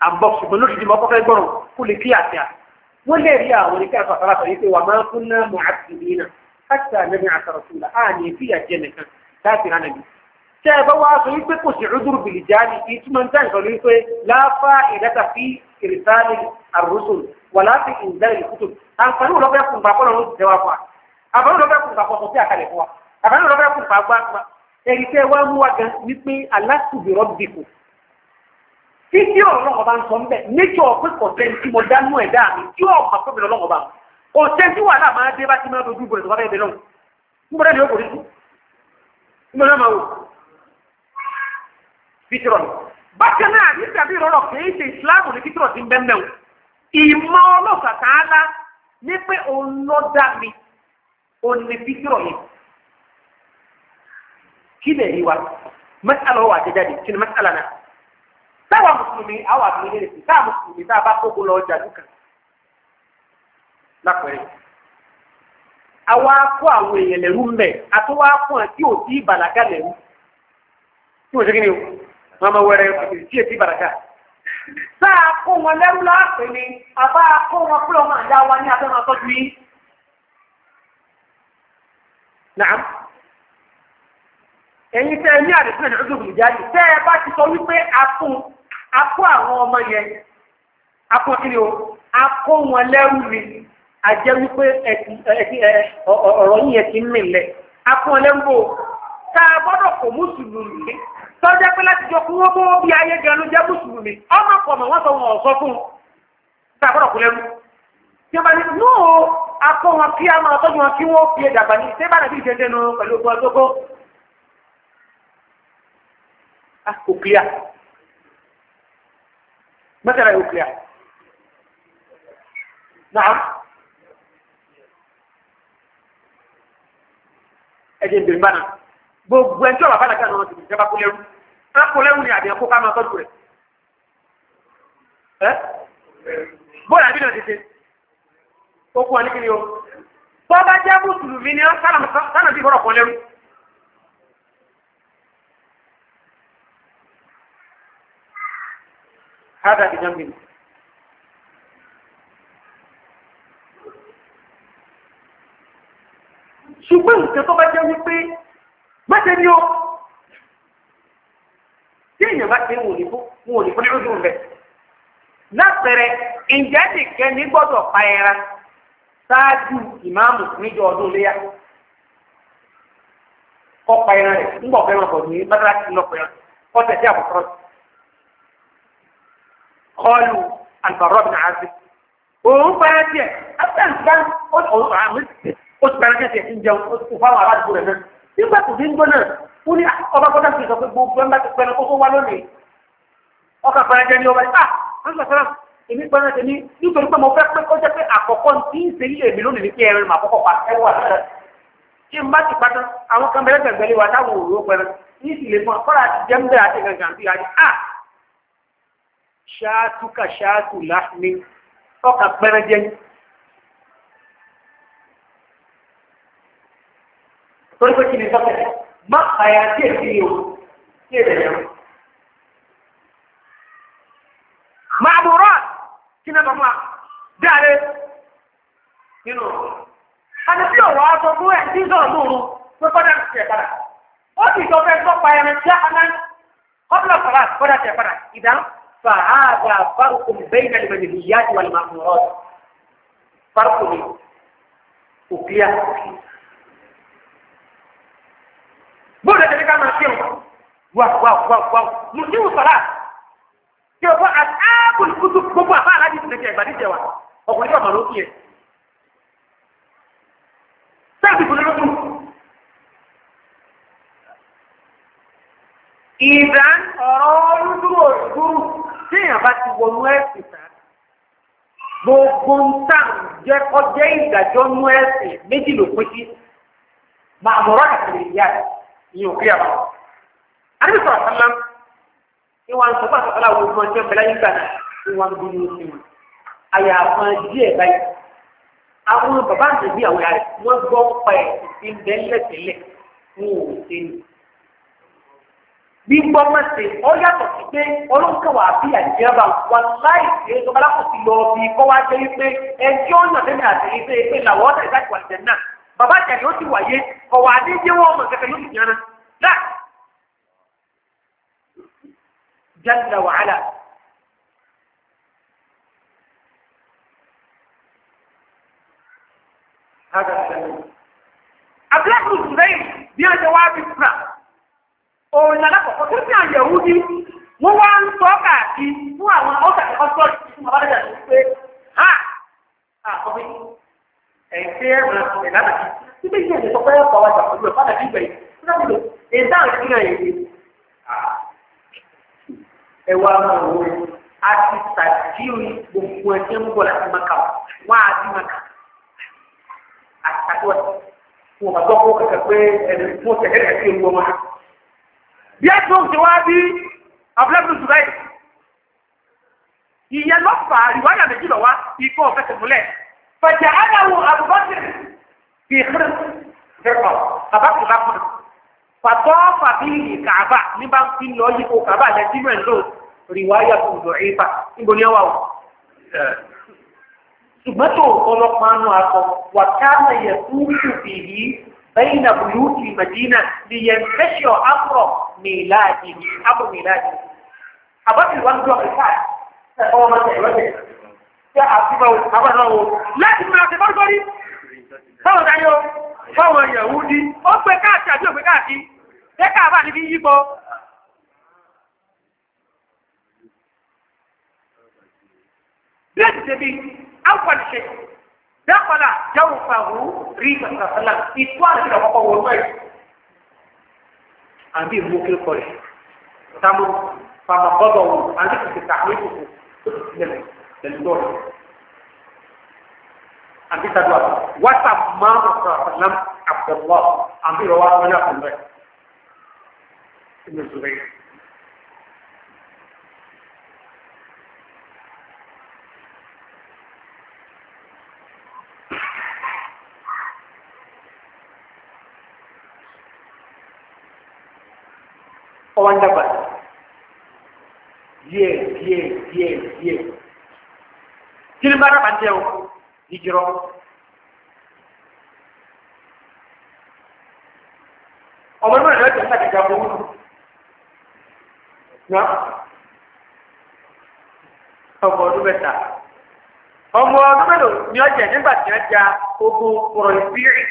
àbọ̀ ṣùgbọ́n lóṣù tí mo kọ́kọ́ gbọ́rọ̀ kó lè kí àṣà wọ́n lè rí àwọn oníkẹ́ àfàfàrà sọ wípé wà máa kún náà mọ̀ àti ìdíyìnà káṣíṣà lẹ́nu àtàràtúlà á ní kí àjẹ nìkan láti rán nàbí. tẹ́ ẹ bá wá sọ wípé kò sí ọdún bìlì jáde ìtumọ̀ nǹkan sọ wípé láfa ìdáta fi ìrìsáàlì àrùsùn wà láti ìǹdẹ́rì kútù àǹfààní òlọ́fẹ́ kùn gbàgbọ́ lọ́wọ́ ti tẹ́wà fún wa tẹ́ wá mú títí ọ̀rọ̀ ọba ń sọ ń bẹ̀ níjọ́ pé ọ̀sẹ̀ tí mo dánú ẹ̀ dáa mi tí ọ̀pá tó bẹ̀rẹ̀ ọlọ́wọ́ bá ọ̀sẹ̀ tí wàhálà máa dé bá ti máa dojú ìbòrè tó bá bẹ̀rẹ̀ lọ́wọ́ ń bọ̀dẹ̀ ni ó kò rí sí ń bọ̀dẹ̀ máa wò fitrọ ni bákan náà ní ìgbàgbé ìrọ̀rọ̀ kìí ṣe ìsìláàmù ní fitrọ ti ń bẹ́ẹ̀ o ìmọ̀ ọlọ́sà sáwà mùsùlùmí àwọn àbí ilé rẹ̀ sáà mùsùlùmí tá a bá kókó lọ ọjà dúkà lápẹ̀rẹ̀. àwa kó àwọn èèyàn lẹ́rú mbẹ̀ àtúwá fún ẹ tí ò sí ìbàlágà lẹ́rú tí ò sí kíni o wọn máa wẹrẹ tí èsì ìbàlágà. sáà kó wọn lẹ́rú láàpẹ̀ ni àbá kó wọn kúlọ̀ máa dá wa ní abẹ́rẹ́ máa tọ́jú yìí. Nàá ẹ̀yin tẹ́ ẹ ní àdìsí náà ní ọdún ìjáde tẹ́ ẹ bá ti sọ wípé a akó àwọn ọmọ yẹn akó kí ni o akó wọn lẹ́rù mi àjẹ́ wípé ọ̀rọ̀ yìí yẹn ti ń mìlẹ̀ akó wọn lẹ́rù bò tá a gbọ́dọ̀ kó mùsùlùmí tọ́jà pé láti jọ kí wọ́n bó bí ayé gan ló jẹ́ mùsùlùmí ọmọ pọ̀ mọ̀ wọ́n sọ wọn ọ̀sọ́ fún un tá a gbọ́dọ̀ kó lẹ́rù tí wọ́n bá ní nù ó akó wọn kí a máa tọ́jú wọn kí wọ́n fi ẹ̀dàgbà ní ṣé bàdàbí ìṣẹ́jẹ́ nu متى لا يوكل نعم ẹ̀jẹ̀ ìbèrè mbana gbogbo ẹjọ́ bàbá dàgbà náà ti ìjọba kó lẹ́rú ẹ kó lẹ́rú ni àbí ẹ̀kọ́ ká máa tọ́jú rẹ̀ ẹ bóyá àbí náà tètè ó kú wa ní kiri o bọ́ bá jẹ́ mùsùlùmí ni sálàmù sálàmù bí bọ́rọ̀ kọ́ lẹ́rú. هذا بجنب ṣùgbọ́n nǹkan tó bá jẹ́ wípé mẹ́tẹ́ ni ó tí èèyàn bá ti wò ní fún wò ní fún lójú rẹ̀ lápẹẹrẹ ǹjẹ́ nìkan ní gbọ́dọ̀ pa ẹran ṣáájú ìmáàmù níjọ ọdún léyà kọ́ pa ẹran rẹ̀ ńgbọ̀ fẹ́ràn pọ̀ ní bàtàlá ti lọ pẹ̀lú ọ̀tẹ̀ sí àbùkọ́ kọlu alùpàrọ̀ bí náà sí. òun fara tiẹ̀ afghan bá ọ̀hún àmì ó ti fara tiẹ̀ ń jẹun ó ti fáwọn aládùúgbò rẹ̀ náà. nígbà tó fi ń gbóná ó ní ọba kọ́tà sí sọ pé gbogbo ẹ̀ ń bá ti pẹ́ẹ́nà kókó wá lónìí. ọkà fara jẹ́ ní ọba yìí. ah nígbà sára èmi pẹ́ẹ́nà tèmi nítorí pé mo fẹ́ pé kó jẹ́ pé àkọ́kọ́ ti ń ṣe yíyẹ mi lónìí ní kí ẹrin mà pa ẹ kí n bá ti pa àwọn kan bẹ̀rẹ̀ gbẹ̀gbẹ̀lẹ̀ wa táwọn òwúrò pẹ̀lú ní ìsìlẹ̀ fún ọ ṣáàtú ka ṣáàtú láhmi ọkà pẹ́rẹ́jẹ́ ní. torí pé kí ni sọ́kẹ̀ má àyà tí èsì yìí o tí èsì yìí o. màbúrọ̀ kí ni bàbá dáre nínú ẹni tí òwò aṣọ fún ẹ̀ tí sọ̀rọ̀ lóru pé kọ́dà ti tẹ̀ padà ó sì sọ fẹ́ sọ́pa ẹni tí a náà kọ́dà padà kọ́dà tẹ̀ padà ìdáhùn. فهذا فرق بين المنهيات والمأمورات فرق وكليا بولا تلك ما فيه واو واو واو واو مسلم الصلاة كيف أصحاب الكتب بابا فعلا دي سنكي بدي جوا أقول لك ما نوتيه سابي كل نوتيه إذا أرادوا الظروف téèyàn bá ti wọnú ẹ̀sìn tán gbogbo ń tàn jẹ́ ọjẹ́ ìdájọ́ nú ẹ̀sìn méjì ló pín sí máa mọ̀rọ̀ àtìlẹ̀ ìyá ìyẹn òkè àwọn. àdébí sọ̀rọ̀ sọ́lá ìwà ń sọ́kọ́ àtọ́kọ́lá wo ọmọ ọjọ́ ìfẹ́lá yín gbàdá ìwà ń bínú sí wọn. àyà àwọn díẹ̀ báyìí àwọn bàbá àtẹ̀bí àwọn yàrá wọn gbọ́ pa ẹ̀sìn tí ń bẹ́ẹ̀ lẹ́sẹ̀ lẹ̀ fún òun gbígbọ́ mẹ́sẹ̀ ọ yàtọ̀ sí pé olóńkàwá àbí àjẹbà wà láì ṣe é tọ́balá kò sí lọ bí kọ́ wá jẹ́ wípé ẹjọ́ ọ̀nà lẹ́nu àti ìṣe pé làwọ̀ ọ̀tẹ̀ ìdájọ́ wà náà bàbá àjàdì ó ti wáyé ọ̀wà àdéjẹ́ wọn ọmọ kẹkẹ yóò ti yànnà náà. jalla wa ala òun alákọ̀ọ́kọ́ tó ní àyẹ̀wò ní wọ́n wá ń sọ káàkiri fún àwọn ọ̀sàkọ́kọ́ sọ́ọ̀tì fún abájáde àti pé ha àkọ́bí ẹ̀ṣẹ́ ẹ̀rọ ìlànà tí bí yẹn sọ àti gbogbo ẹ̀jẹ̀ ń bọ̀ láti máa kà wọ́n á ti máa kà kẹ̀kẹ́ pé ọ̀sẹ̀ bí ẹ tó ti wá bí abúlẹ́bùn ṣùgbọ́n ìyẹn lọ fà á ìwádà méjì lọ wá ikọ̀ fẹsẹ̀ múlẹ̀ fẹ̀jẹ̀ ádáwò àbúbọ́sẹ̀ fi hẹ́rẹ́ fẹ́rọ̀ àbákùn bá kùn fàtọ́ fàbí kàbà ní bá ń fi lọ yípo kàbà lẹ́sí mẹ́rin lò rìwáyà tó lọ ìfà níbo ni ẹ wà o. ṣùgbọ́n tó ọlọ́pàá nù akọ wà بين بيوت المدينة لينتشر أمر ميلاده أمر ميلاده أبطل الوانجو الفاتح هو ما تعرفه يا أصيبه أبطله لكن ما أصيبه قولي فهو دعيو فهو يهودي أبقى كاتي أبقى كاتي يكا أبقى في يبو بيت سبيل أول شيء dákọ̀lá jáwó fàwù rí ìgbàsàlá ìtú àti ìdàkọ́kọ́ apa ọgbẹ́ baik. Ambil ìlú kí kọ rẹ̀ tábù fàmà bọ́dọ̀ wò àti kìkì tàbí kòkò tó ti tilẹ̀ lẹ́nu lọ́rọ̀. àbí tàdúrà wàtà máa ń sọ àfàlà àbọ̀wọ́ ọwọ́ ń dàgbà díẹ̀ díẹ̀ díẹ̀ díẹ̀ kí ni bá dàgbà ń tẹ́ o ìjírọ́. ọmọ náà lọ́ọ́ tẹ̀sán kẹta owó náà ọmọ ọdún mẹ́ta ọmọ ọdún mẹ́lò ni ọ jẹ nígbà tí wọ́n ja ogun kọ̀rọ̀ ìbírí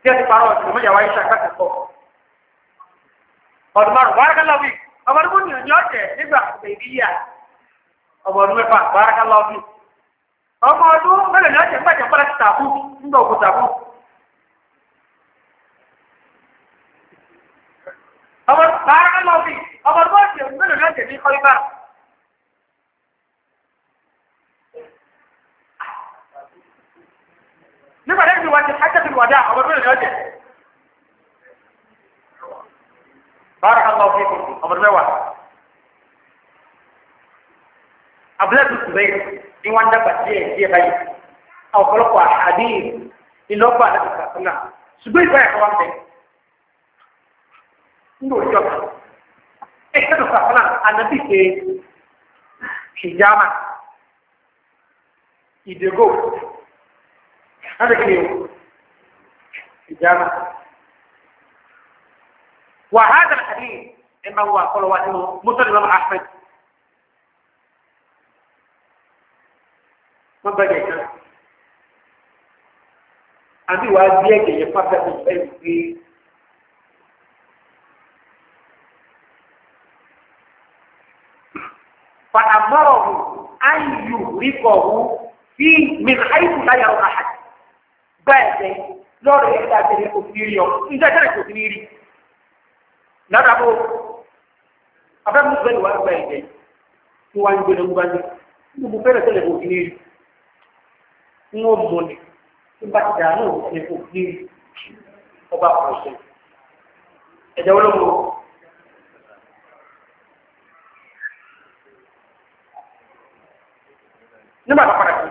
tí wọ́n ti parọ́ ọ̀sìn mọ́jà wáyé ṣàkàtà kọ́ ọdún márùn bárakàlọ́ bí ọmọ ọdún ní òní ọ̀tẹ̀ nígbà bèbí yà ọmọ ọdún mẹ́fà bárakàlọ́ bí ọmọ ọdún mẹ́lẹ̀ ní ọ̀tẹ̀ nígbàjẹ́ pẹ́lẹ́ ti tàbú nígbà òkú tàbú ọmọ bárakàlọ́ bí ọmọ ọdún ọ̀tẹ̀ mẹ́lẹ̀ ní ọ̀tẹ̀ ní kọ́líbà nígbà tẹ́lẹ̀ ti wájú barakallahu fikum ọmọdé mẹ́wàá abúlẹ́tù tùbẹ́ ní wọ́n dàgbà díẹ̀ díẹ̀ báyìí ọ̀pọ̀lọpọ̀ àdéhìn ìlọ́pọ̀ àdàbò kàkúnà ṣùgbọ́n ìgbà ẹ̀kọ́ wa bẹ̀ ní òjò ẹ̀kọ́ kàkúnà ànábì pé hijama ìdègò láti kí ni o hijama. وهذا الحديث إما هو قلوة مسلم أحمد من بجيك أمي وأبيك يفرد في الشيء في فأمره أن يغرقه في من حيث لا يرى أحد بل لا يرى أحد في اليوم إذا كانت في lára bó abẹ́mú bẹ́ẹ̀ wá gba ẹ̀jẹ̀ tí wọ́n á ń gbé lọ́gbà ní gbogbo fẹ́rẹ̀ tẹ́lẹ̀ kò kí ní rí ń wọ́n mọ̀ ní nígbà tí dáa náà kò kí ní rí ọba pọ̀ṣẹ̀ ẹ̀jẹ̀ olóko. nígbà tó padà sí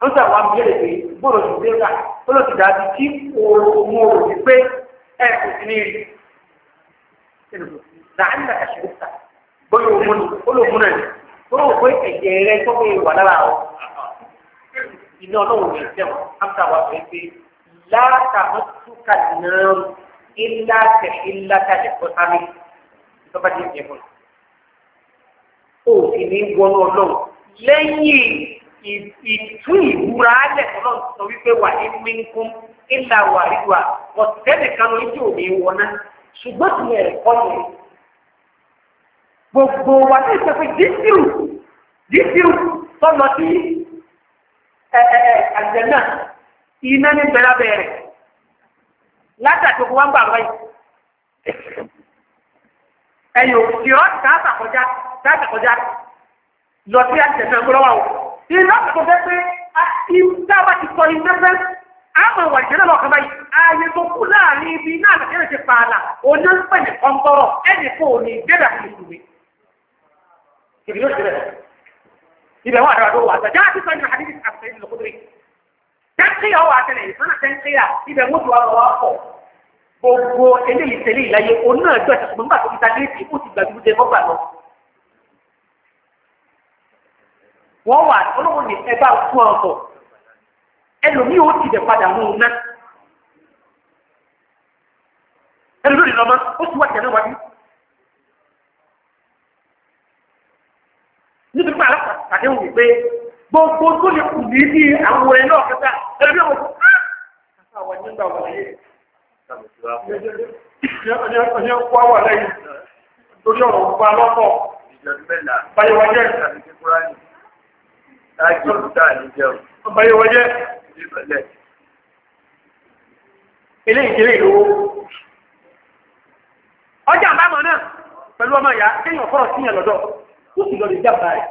ó sàwọn abúlé ti dé rà bóòlù ti dàbí kí òun òun òun ò ní pé ẹ̀kọ́ sí ni tó rò pé ẹ̀jẹ̀ rẹ tó bẹ wà lára ọ iná ọlọ́run lè jẹun ámúta wà pé pé látàmútúkà náà ilá tẹ ilá tẹ àjẹkọ sáré ìtọ́ba ti ń jẹ fún lẹ́yìn ìtú ìbúra alẹ̀ tọ́lọ̀ sọ wípé wà ní mímkún ìlà wà ríwà ọ̀tẹ́lẹ̀ kan ló jò ní wọná ṣùgbọ́n tí mo ẹ̀kọ́ ni gbogbo wa ní ìṣẹ́fẹ́ dísírù dísírù tọ́lọ sí àgbẹ̀ náà iná ní bẹ̀rẹ̀ bẹ̀rẹ̀ látàkì wọn ń bà wáyé ẹ̀yọ̀ ìrọ́ọ̀tì káàtà kọjá lọ sí àgbẹ̀ náà gbọ́dọ̀ wà wọ́n iná tó fẹ́ pé ìdá bá ti sọ iná fẹ́ àmọ̀ wà ìjẹ́ náà lọ́kàn báyìí ààyè tó kú láàrin ibi náà lọ́kàn ti pààlà oná ń pẹ̀lẹ̀ kọ́ńtọ́rọ̀ ẹnì kò ní gbẹ́dà sí ìsúnmi. kìbí yóò ṣe bẹ́ẹ̀ ibẹ̀ wà dára tó wà sọ jáde sọ ìrìn àdíjì àfẹ́ ìlú kúndùrí. tẹ́ńkìyà wà tẹ̀lé ìfọ́nà tẹ́ńkìyà ibẹ̀ mú ju àwọn wà pọ̀ gbogbo eléyìí tẹ̀lé ìlàyé oná ẹgbẹ́ ìṣàkóso wọ́n wà ọlọ́run ní ẹ̀bá fún ọ̀sọ̀ ẹlòmíì ó ti dẹ̀ padà mú un ná ẹlòmíì lọ́mọ ó ti wá tẹ̀lé wájú nítorí pé alápàdé wù pé gbogbo tó lè kù ní bí àwọn ọ̀rẹ́ náà kẹta ẹlòmíì ó ti á ah! kàkà wà nígbà wọ̀nyí ọ̀nyẹ́ wá wà lẹ́yìn torí ọ̀rọ̀ òkú alọ́pọ̀ báyọ̀ wájú ẹ̀ Táàkì ọ̀dá àníjẹ́ o. Ọjà àbámọ̀ náà pẹ̀lú ọmọ ìyá kéèyàn fọ́rọ̀ síyàn lọ́dọ̀. Ó sì lọ lè jàmbá rẹ̀.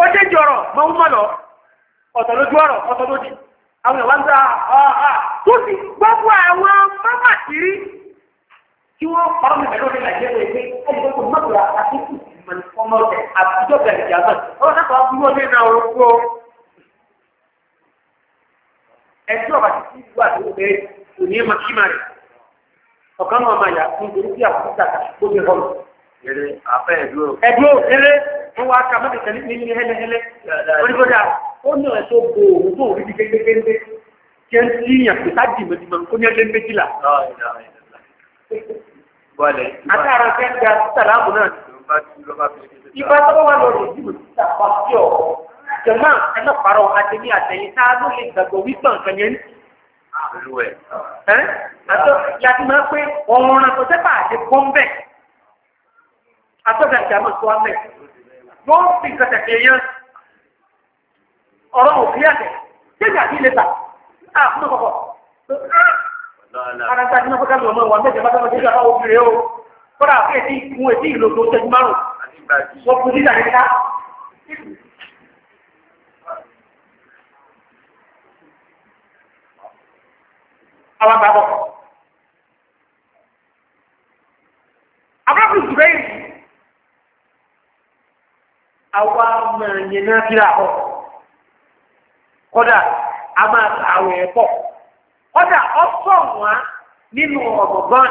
Ó jẹ́ jọrọ̀ mọ́ ń mọ̀ lọ. Ọ̀tọ̀ lójú ọ̀rọ̀ ọ̀tọ̀ lójì. Àwọn ìwà ń gbà ọ̀ọ́ tó sì ìmọ̀lẹ̀ fọ́mọ́ ọ̀tẹ̀ àtijọ́ bẹ̀rẹ̀ ìjà náà ọ̀rọ̀ náà kọ́ búrò ní ìrìnà orúkú o. ẹjọ́ àti tí ìlú àdúgbò rẹ̀ kò ní ma kí máa rẹ̀ ọ̀kan náà máa yà fún torí bí àkókò kàkà tó bí hàn. eré afẹ́ ẹ̀dúró. ẹ̀dúró eré ń wá ká mọ́tò tẹ̀lé ní ní hẹ́lẹ́hẹ́lẹ́ oníkódà ó ní ọ̀rẹ́ tó bo òun tó rí gbégbégbé kí ń tí yàn pé sáàdì mọ̀tìmọ̀ kó ní ẹgbẹ́ méjìlá. àtàrà fẹ́ gba sàlámù náà ìbá tó wà lọ rèé jù tàbá sí ọ jẹmọ ẹnà parọ àtẹmí àtẹyìn tá a ló lè gbàgbọ́ wípé nǹkan yẹn ní. àtọ yàtí máa pé ọrùn rẹ kò sẹ́pà àti pọ́ńbẹ́ àtọ́jà ìjàmọ̀ tó wà mẹ́ wọ́n fi kẹtẹ̀kẹ̀ yẹn ọ̀rọ̀ òfin àtẹ̀ jẹ́jà kí lè ta àfúnà kọ̀kọ̀. ara ń ta ní wọ́n fẹ́ ká lọ́mọ ìwà kọ́dà fún ètí ìkún ètí ìlò tó tẹ́jú márùn wọ́n fún títà níta. àwọn àgbàbọ̀. àbúrò kùsùn bẹ́ẹ̀ yìí àwa máa yẹn náà kíra ọ̀ kọ́dà a máa àwẹ̀ ẹ̀pọ̀ kọ́dà ọ̀sọ̀ wọn nínú ọ̀gbọ̀n.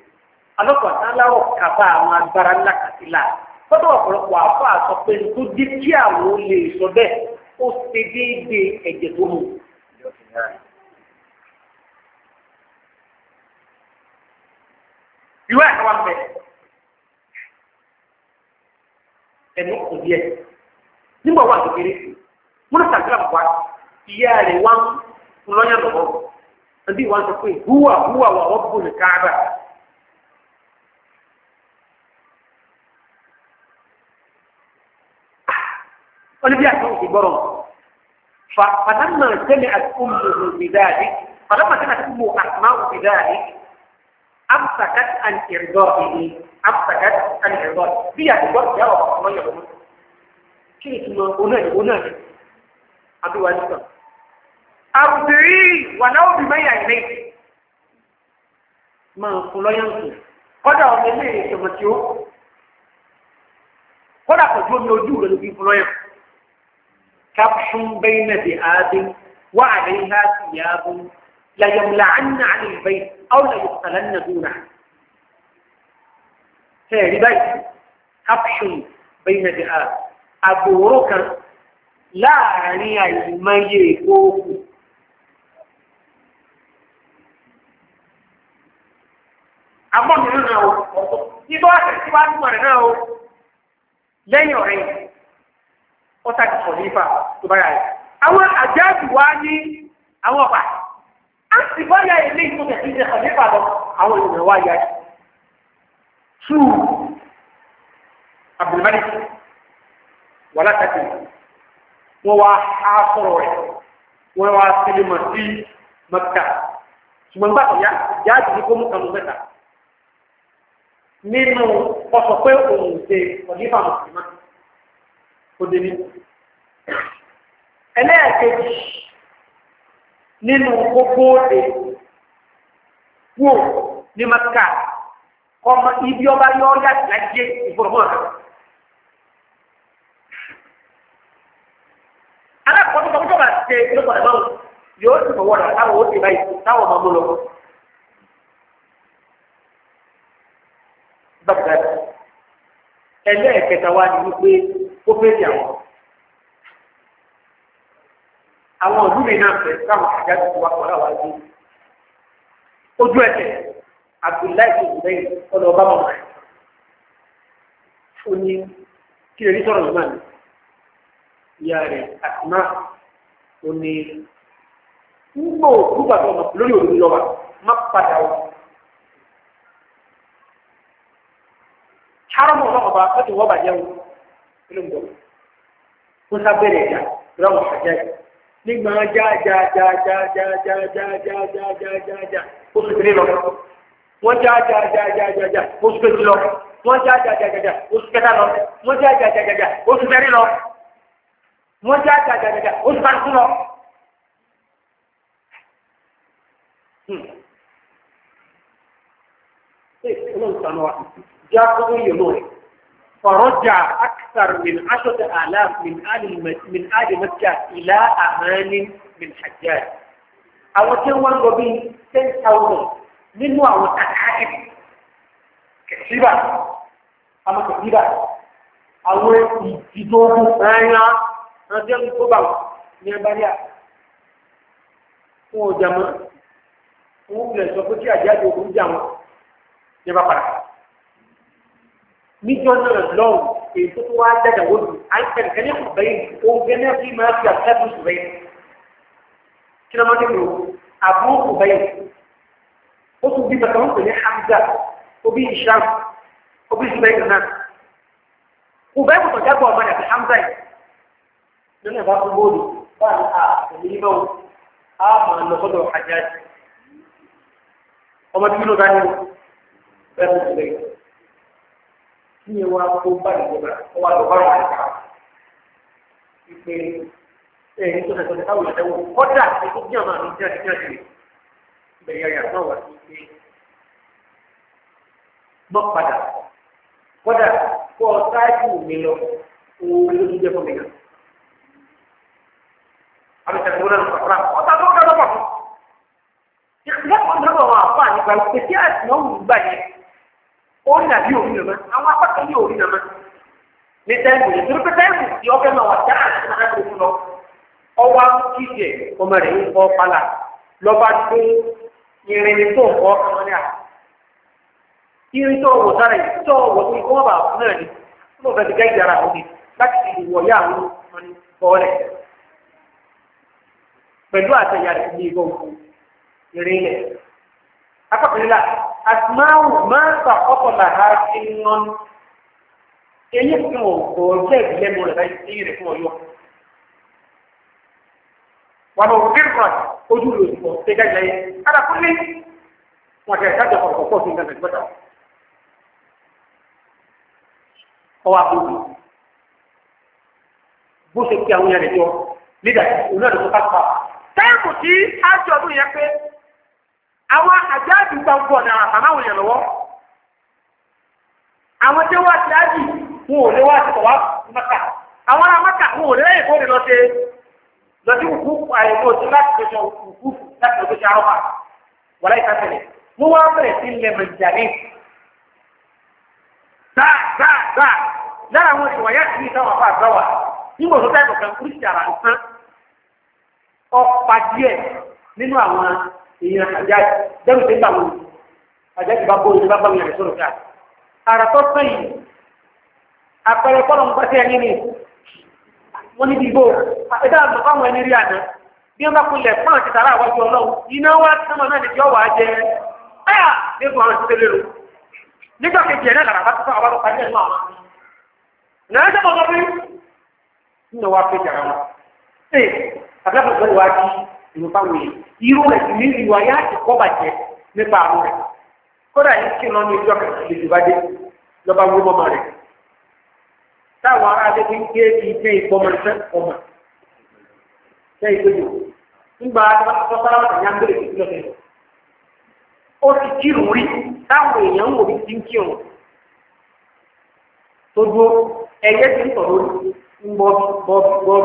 alọ́kọ̀ọ́sá aláwọ̀ kaba àwọn agbára ńlá kàtílà fọ́dọ̀ ọ̀pọ̀lọpọ̀ àfọ́ àsọ pé tó dé kí àwọn olè sọ bẹ́ẹ̀ ó ṣe déédéé ẹ̀jẹ̀ tó mu. ìwé ẹ̀ka wa ń bẹ̀ ẹnu kò díẹ̀ nígbà wà kékeré múlò sàgbéra bùkà ìyá rẹ̀ wá ń lọ́yàn lọ́wọ́ ẹbí wa sọ pé húwà húwà wà wọ́n bò ní káàbà. wọ́n bí àtúntò ti gbọ́rọ̀ fa fàdámà tẹ́lẹ̀ àtúntò bìdáàdì fàdámà tẹ́lẹ̀ àtúntò àtúmá bìdáàdì amsakat an ìrìndọ́ ìní amsakat an ìrìndọ́ bí àtúntò ìyá ọ̀pọ̀ ọmọ yẹ̀wò mọ́ kí ni tuma oná ni oná ni àbíwá ní sọ. àbùdírí wà láwọn bí báyà ilé máa fún lọ́yọ̀ǹsì kọ́dà ọmọ ilé ìṣèwọ̀n tí ó kọ́dà pẹ̀lú omi ojú rẹ̀ ló fi fún lọ́yọ̀ǹsì. كبح بين ذئاب وعليها ثياب ليملعن عن البيت أو ليقتلن دونه ثاني بيت كبح بين ذئاب أبورك لا يعني الميكوك أبو مننا أو إبواتك إبواتك مننا أو لن يعين ọ̀tá ti sọ̀ nípa tó bá yà rẹ̀. Àwọn àjáàbù wá ní àwọn ọ̀pá. A sì bá yà ilé ìtò tẹ̀sí ti sọ̀ nípa lọ, àwọn ènìyàn wá yà. Tú Abdulmalik wà látàkì. Wọ́n wá á sọ̀rọ̀ rẹ̀. Wọ́n wá sílé mọ̀ sí Mọ̀tíkà. Ṣùgbọ́n gbàtọ̀ yá, jáàbù ní kó kanú mẹ́ta. Nínú ọ̀sọ̀ pé òun ṣe ọ̀nífà mùsùlùmá ó dé ní. ẹlẹ́ẹ̀kejì nínú gbogbo òde wò ní maka ọmọ ibi ọba yọ ọ́ yá ìdájẹ́ ìfọ̀rọ̀mọ́ rẹ̀. alákọ̀ọ́tò tó tó bá ṣe ló pàdé báwọn yóò ti fọwọ́ rẹ̀ táwọn ó ti báyìí táwọn ọmọ mú lọ. bákan ẹlẹ́ẹ̀kẹta wá ní wípé ó fẹ́ di àwọn. Àwọn ọ̀dún mi náà fẹ́ káwọn àjáde tó wá pọ̀lá wá dé. Ojú ẹsẹ̀, Abdullahi tó lẹ́yìn ọ̀nà ọba mọ̀ rẹ̀. Ó ní kí lè ní sọ̀rọ̀ nígbà mi. Ìyá rẹ̀ àti máa ó ní ń gbọ́ òkúgbà tó ọmọ lórí òdodo lọ́wọ́ má padà wá. Hárọ̀mù ọlọ́mọba ó ti wọ́ bàjẹ́ wọn kí ló ń bọ̀ kó sábẹ́rẹ̀ ẹ̀dá ráwọ̀ àjáde nígbà jájájájájájájájájájájájá ó sì tẹ̀lé lọ wọ́n jájájájájájá ó sì tẹ̀lé lọ wọ́n jájájájájá ó sì kẹta lọ wọ́n jájájájájá ó sì tẹ̀lé lọ wọ́n jájájájájá ó sì parí fún lọ. ṣé ọlọ́run sànú wa jákòó yìí lóore. فرجع أكثر من عشرة آلاف من آل من آل مكة إلى أمان من حجاج أو تنور وبي 10,000 من هو وتحاكم كثيرا أما كثيرا أو يجدوه أنا رجل الكبار من البريا هو جمع هو بلا سوف يجي أجاد يقول جمع يبقى níjọ́ náà lọ́wọ́ èyí tó tó wá dẹ́dà wọ́n mi à ń tẹ̀lé kẹ́lẹ́ kò bẹ́yìn òun gẹ́lẹ́ fi máa fi àbúrò kò bẹ́yìn kí ló máa dé lò àbúrò kò bẹ́yìn ó tún bí bàtà wọn pè ní Hamza obi Isham obi Zubair náà kò bẹ́yìn kò jágbọ́ ọmọ rẹ̀ Hamza yìí nínú ìbá fún bóòlù báyìí à èmi ní báwo á máa lọ sọ́dọ̀ Hajjaj ọmọ bíbí ló dání o bẹ́ẹ̀ tí ẹ wá kó bá ìjọba ó wá lọ bá wà nípa ìpè ẹ̀yìn tó tẹ̀sán táwọn ìyàtẹ̀wò kọ́dà ètò bí àwọn àmì jáde jáde ìbẹ̀rẹ̀ ayà náà wà sí pé mọ́ padà kọ́dà kọ́ ọ sáájú mi lọ òun ló ti jẹ́ fún mi náà. àmì tẹ̀sán náà pàtàkì ọ̀tá tó kọ́ ọ̀tá fún. ìyàtọ̀ ọ̀dọ́ àwọn àfáà nípa ìpèsè àtìmọ́wù gbà yẹn orí nàbí òrí nàmá àwọn apákan ní òrí nàmá ní tẹ́ẹ̀mù yìí torí pé tẹ́ẹ̀mù tí ọ̀fẹ́ náà wà dáa sí máa ń lò lọ ọwọ́ kíjẹ ọmọ rẹ̀ ń kọ́ pala lọ́ba tó irin tó ń kọ́ kàwọn ní à irin tó wọ̀ sára yìí tó wọ̀ tó ikú wọn bá fún náà ni wọn fẹ́ẹ́ ti gẹ́ ìyára àwọn láti fi wọ̀ yá àwọn ọmọ ní kọ́ọ̀lẹ̀ pẹ̀lú àtẹ̀yà rẹ̀ ní ìbọn ìrìnlẹ̀ apákan nílà asmau máa sàkọ́tọ̀ làhá sí nán eyé fún òkò ọjọ́ ìbílẹ̀ mọ́ rẹ̀ láì sí rẹ̀ fún ọyọ́ wà lọ òkè kan ojú lò ìfọ̀ ṣe gáyìí láyé kára fún mi wọn kẹrẹ kájọ kọ̀ọ̀kọ̀ pọ̀ sí nǹkan tẹ̀sí bọ́tà ọwọ́ àbúrò bó ṣe kí àwọn yẹn lè jọ nígbà tí òun ká pa táìmù tí á jọ ọdún yẹn pé àwọn àjáàjì gbàgbọ́ náà àmáwọn èèyàn lọ́wọ́ àwọn tí wọ́n ti ájì wọn ò lé wá ti kọ̀wá mẹ́ta àwọn ará mẹ́ta wọn ò lé lẹ́yìn kó lè lọ sí lọ sí òkú àìmọ́ òtún láti lọ sí òkú láti lọ sí arọ́pà wọlé ìtàkẹ́lẹ̀ mo wá bẹ̀rẹ̀ sí ilẹ̀ mẹ̀jìdàní dáadáa lára àwọn ìwàyà sí ìtàwọn àbá àgbáwà nígbà tó táìpù kan kúrìsì àrà nǹkan ọ̀pá díẹ̀ nínú àwọn ìyẹn àjáde dẹ́rù tí ń bà wọ́n àjáde bá bóyá bá bàmí àrẹ sọ̀rọ̀ káà àrà tó sàn yìí àpẹẹrẹ kọ́lọ̀ ń pàṣẹ ẹni ni wọ́n níbi ìbò ẹ̀dá àgbà àwọn ẹni rí àná bí wọ́n bá kulẹ̀ fún àti tààrà àwájú ọlọ́run iná wá sọ́mọ náà nìjọ́ wàá jẹ ẹ́yà nígbà àwọn ti tẹ́lẹ̀ rò nígbà kejì ẹ̀ náà làrá bá tó fún àwọn ọlọ́pàá ní ẹ̀nu náà ṣe irú ẹ̀sìn ní ìwà yá àtìkọ́ bàjẹ́ nípa àwọn rẹ̀ kódà yìí kí lọ́nà ìjọ kàkiri ìdìbàdé lọ́ba wú mọ́mọ́ rẹ̀ táwọn ará adé ti ń gé ìgbé ìpọ́mọ̀sẹ́ ọmọ ṣe ìgbéjò nígbà tó sára wà ní agbèrè tó lọ́sẹ̀ ó ti kírun rí táwọn èèyàn ń wò ní ti ń kírun tó dúró ẹ̀yẹ́ ti ń tọ̀ lórí ń bọ́ bọ́ bọ́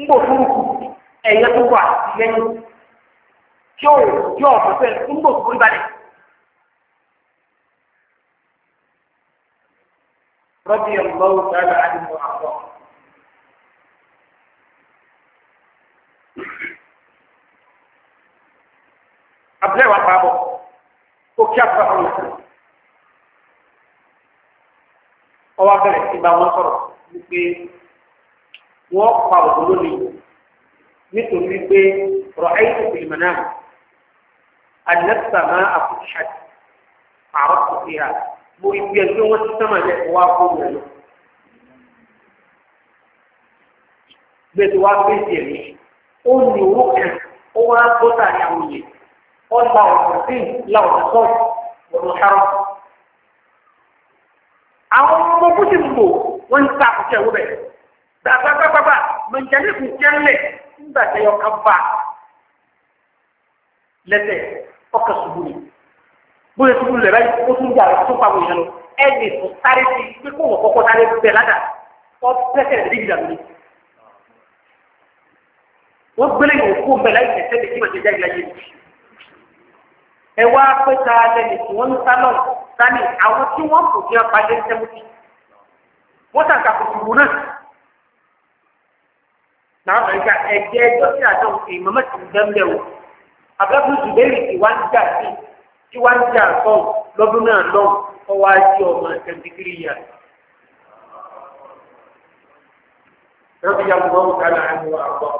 ń bọ̀ fúrukù ẹ̀yẹ́ tó wà lẹ́yìn tí ó tí ó ọ̀pọ̀ sẹ́yìn tó ń bò fún ìbàdàn. rọ́bì ọ̀gbọ́n sábà àdìmọ̀ àpọ̀. abúlé wa pa bọ̀ ó kí àpá ọ̀rọ̀ sọ̀rọ̀. ọwọ́ abẹ́rẹ́ ti bá wọn sọ̀rọ̀ wípé wọ́n pa òdòdó ni nítorí pé rọ̀ ẹ́yìn tó fi mọ̀ náà annas samaa futihat a'raftu fiha mo ibi ẹgbẹ́ wọn ti sánmà lẹ wá kó mi lọ gbèsè wá gbèsè mi ó ní owó kan ó wá tó sàrí àwọn yẹn ó la ọ̀sán sí la ọ̀sán sọ́ọ̀tì ọ̀dọ̀ ṣáró àwọn ọmọ bùsì ń bò wọ́n ń ta àkùtì ẹ̀wọ́ bẹ̀ gbàgbàgbàgbà mọ̀jálẹ̀kùn jẹ́lẹ̀ nígbà tẹ́yọ̀ kan bá lẹ́sẹ̀ ọkà ṣubú ni bóyá ṣubú lẹ̀ báyìí ó tún jà tó pa wòye lọ ẹ lè tó sáré sí i pé kó wọ́n kọ́kọ́ sáré bẹ̀ ládà ọ pẹ́sẹ̀ lè dídì dàbí. wọ́n gbélé yòó kó bẹ̀ láì tẹ̀sẹ̀ lè kíwọ̀n ṣe jáde láyé ẹ wá pé ta lẹ́nu tí wọ́n ń sá lọ sani àwọn tí wọ́n kò fi apá dé sẹ́mùtì wọ́n tàkà kò ṣubú náà náà mẹ́ta ẹ̀jẹ̀ ẹjọ́ sí àjọ ìmọ̀mẹ́sì gbẹ́mbẹ́ o abúlé zubẹ́rì tí wá ń jà sí tí wá ń jà sọ lọ́dún náà lọ kọ́ wá sí ọmọ tẹ̀síkiri yà. rọ́bì yà wọ́n wọ́n kálá ẹnu àgbọ̀.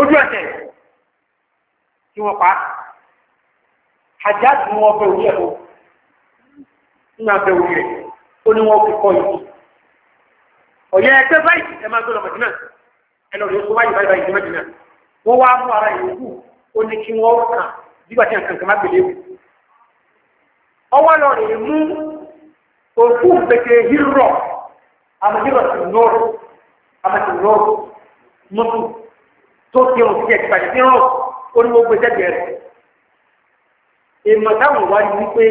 ojú ẹsẹ̀ tí wọ́n pa hajj ni wọ́n bẹ̀rù yẹ̀ o ní bẹ̀rù yẹ̀ ó ní wọn fi kọ́ ìlú ọ̀yẹ́ ẹgbẹ́ báyìí ẹ máa gbọ́dọ̀ mọ̀dínà ẹ lọ rèé kó báyìí báyìí báyìí mọ̀dínà wọ́n wá mú ara ìyókù ó ní kí wọ́n kàn nígbà tí nǹkan kan má gbèlè wù ọwọ́ lọ rèé mú òkú pètè hírọ̀ àmì hírọ̀ sí nọ́ọ̀rù àmì sí nọ́ọ̀rù mọ́tò tó ti rùn sí ẹ̀kí bàjẹ́ rọ̀ ó ní gbogbo ẹ̀jẹ̀ rẹ̀ èèmọ̀ táwọn wá ní wípé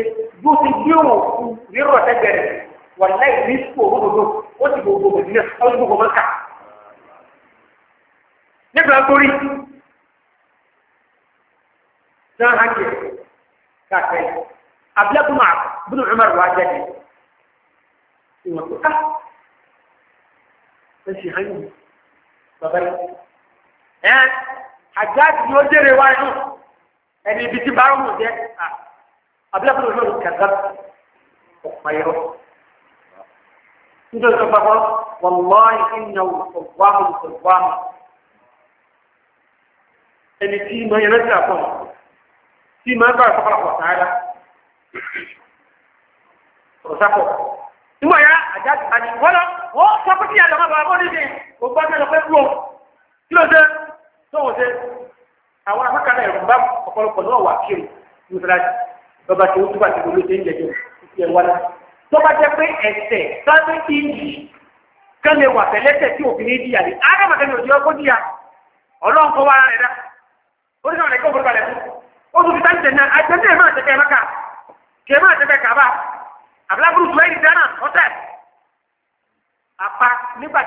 bó ti gbé òkú rírọ̀ sẹ́gbẹ̀rẹ̀ wàlẹ́ ìní sùkú òdodo ó ti gbogbo mẹ̀dínà ó ti gbogbo mẹ́ka. nígbà torí náà hàn jẹ káàkiri abilakunmu abinu umar wa jáde ìwọ̀n tó ká ẹ sì hàn yìí bàbá yìí ẹ àjáde ni ó jèrè wáyé nù ẹni ibi tí bá ń mú jẹ abilakunmu umar kàdá ọ̀pá yẹrọ nítorí tó gbàgbọ́ wàlláhi ìnà ọ̀gbàmù ọ̀gbàmù ẹni tí mo yẹn lẹ́sẹ̀ àpọ̀ tí mo bá ẹ̀kọ́ pàlàpọ̀ sáárá ọ̀sápọ̀ nígbà yá àjá àti wọ́lọ́ ó sọ pé kí àdàmà bàbá bọ́ọ̀lù ní ọgbà mẹ́lẹ̀ pẹ́ dúró kí ló dé tó wọ́n dé àwọn afẹ́kàlẹ̀ ẹ̀rọ bá ọ̀pọ̀lọpọ̀ náà wà kí o ní fẹ́lá lọ́ba tí ó túbà tí olóṣèlú jẹjọ ti ẹ̀ wá náà tó bá jẹ́ pé ẹ̀sẹ̀ sábẹ́tì yìí kán lè wà tẹ́lẹ́sẹ̀ tí òfin ní díyà ní ádámàkẹ́ ní òjò ọkọ̀ díyà ọlọ́run kọ́ wára rẹ̀ dá ó ní ọ̀rẹ́ kó gbọ́dọ̀ rẹ̀ fún ó tún fi sáńtì tẹ̀ náà àjẹ́ ní ẹ̀mọ́ àtẹ́kẹ́ ẹ̀mọ́ka kì í mọ́ àtẹ́kẹ́ kàbá àbúlábùrù tó ẹ̀yìn dáná ọ̀tẹ̀ apá nígbà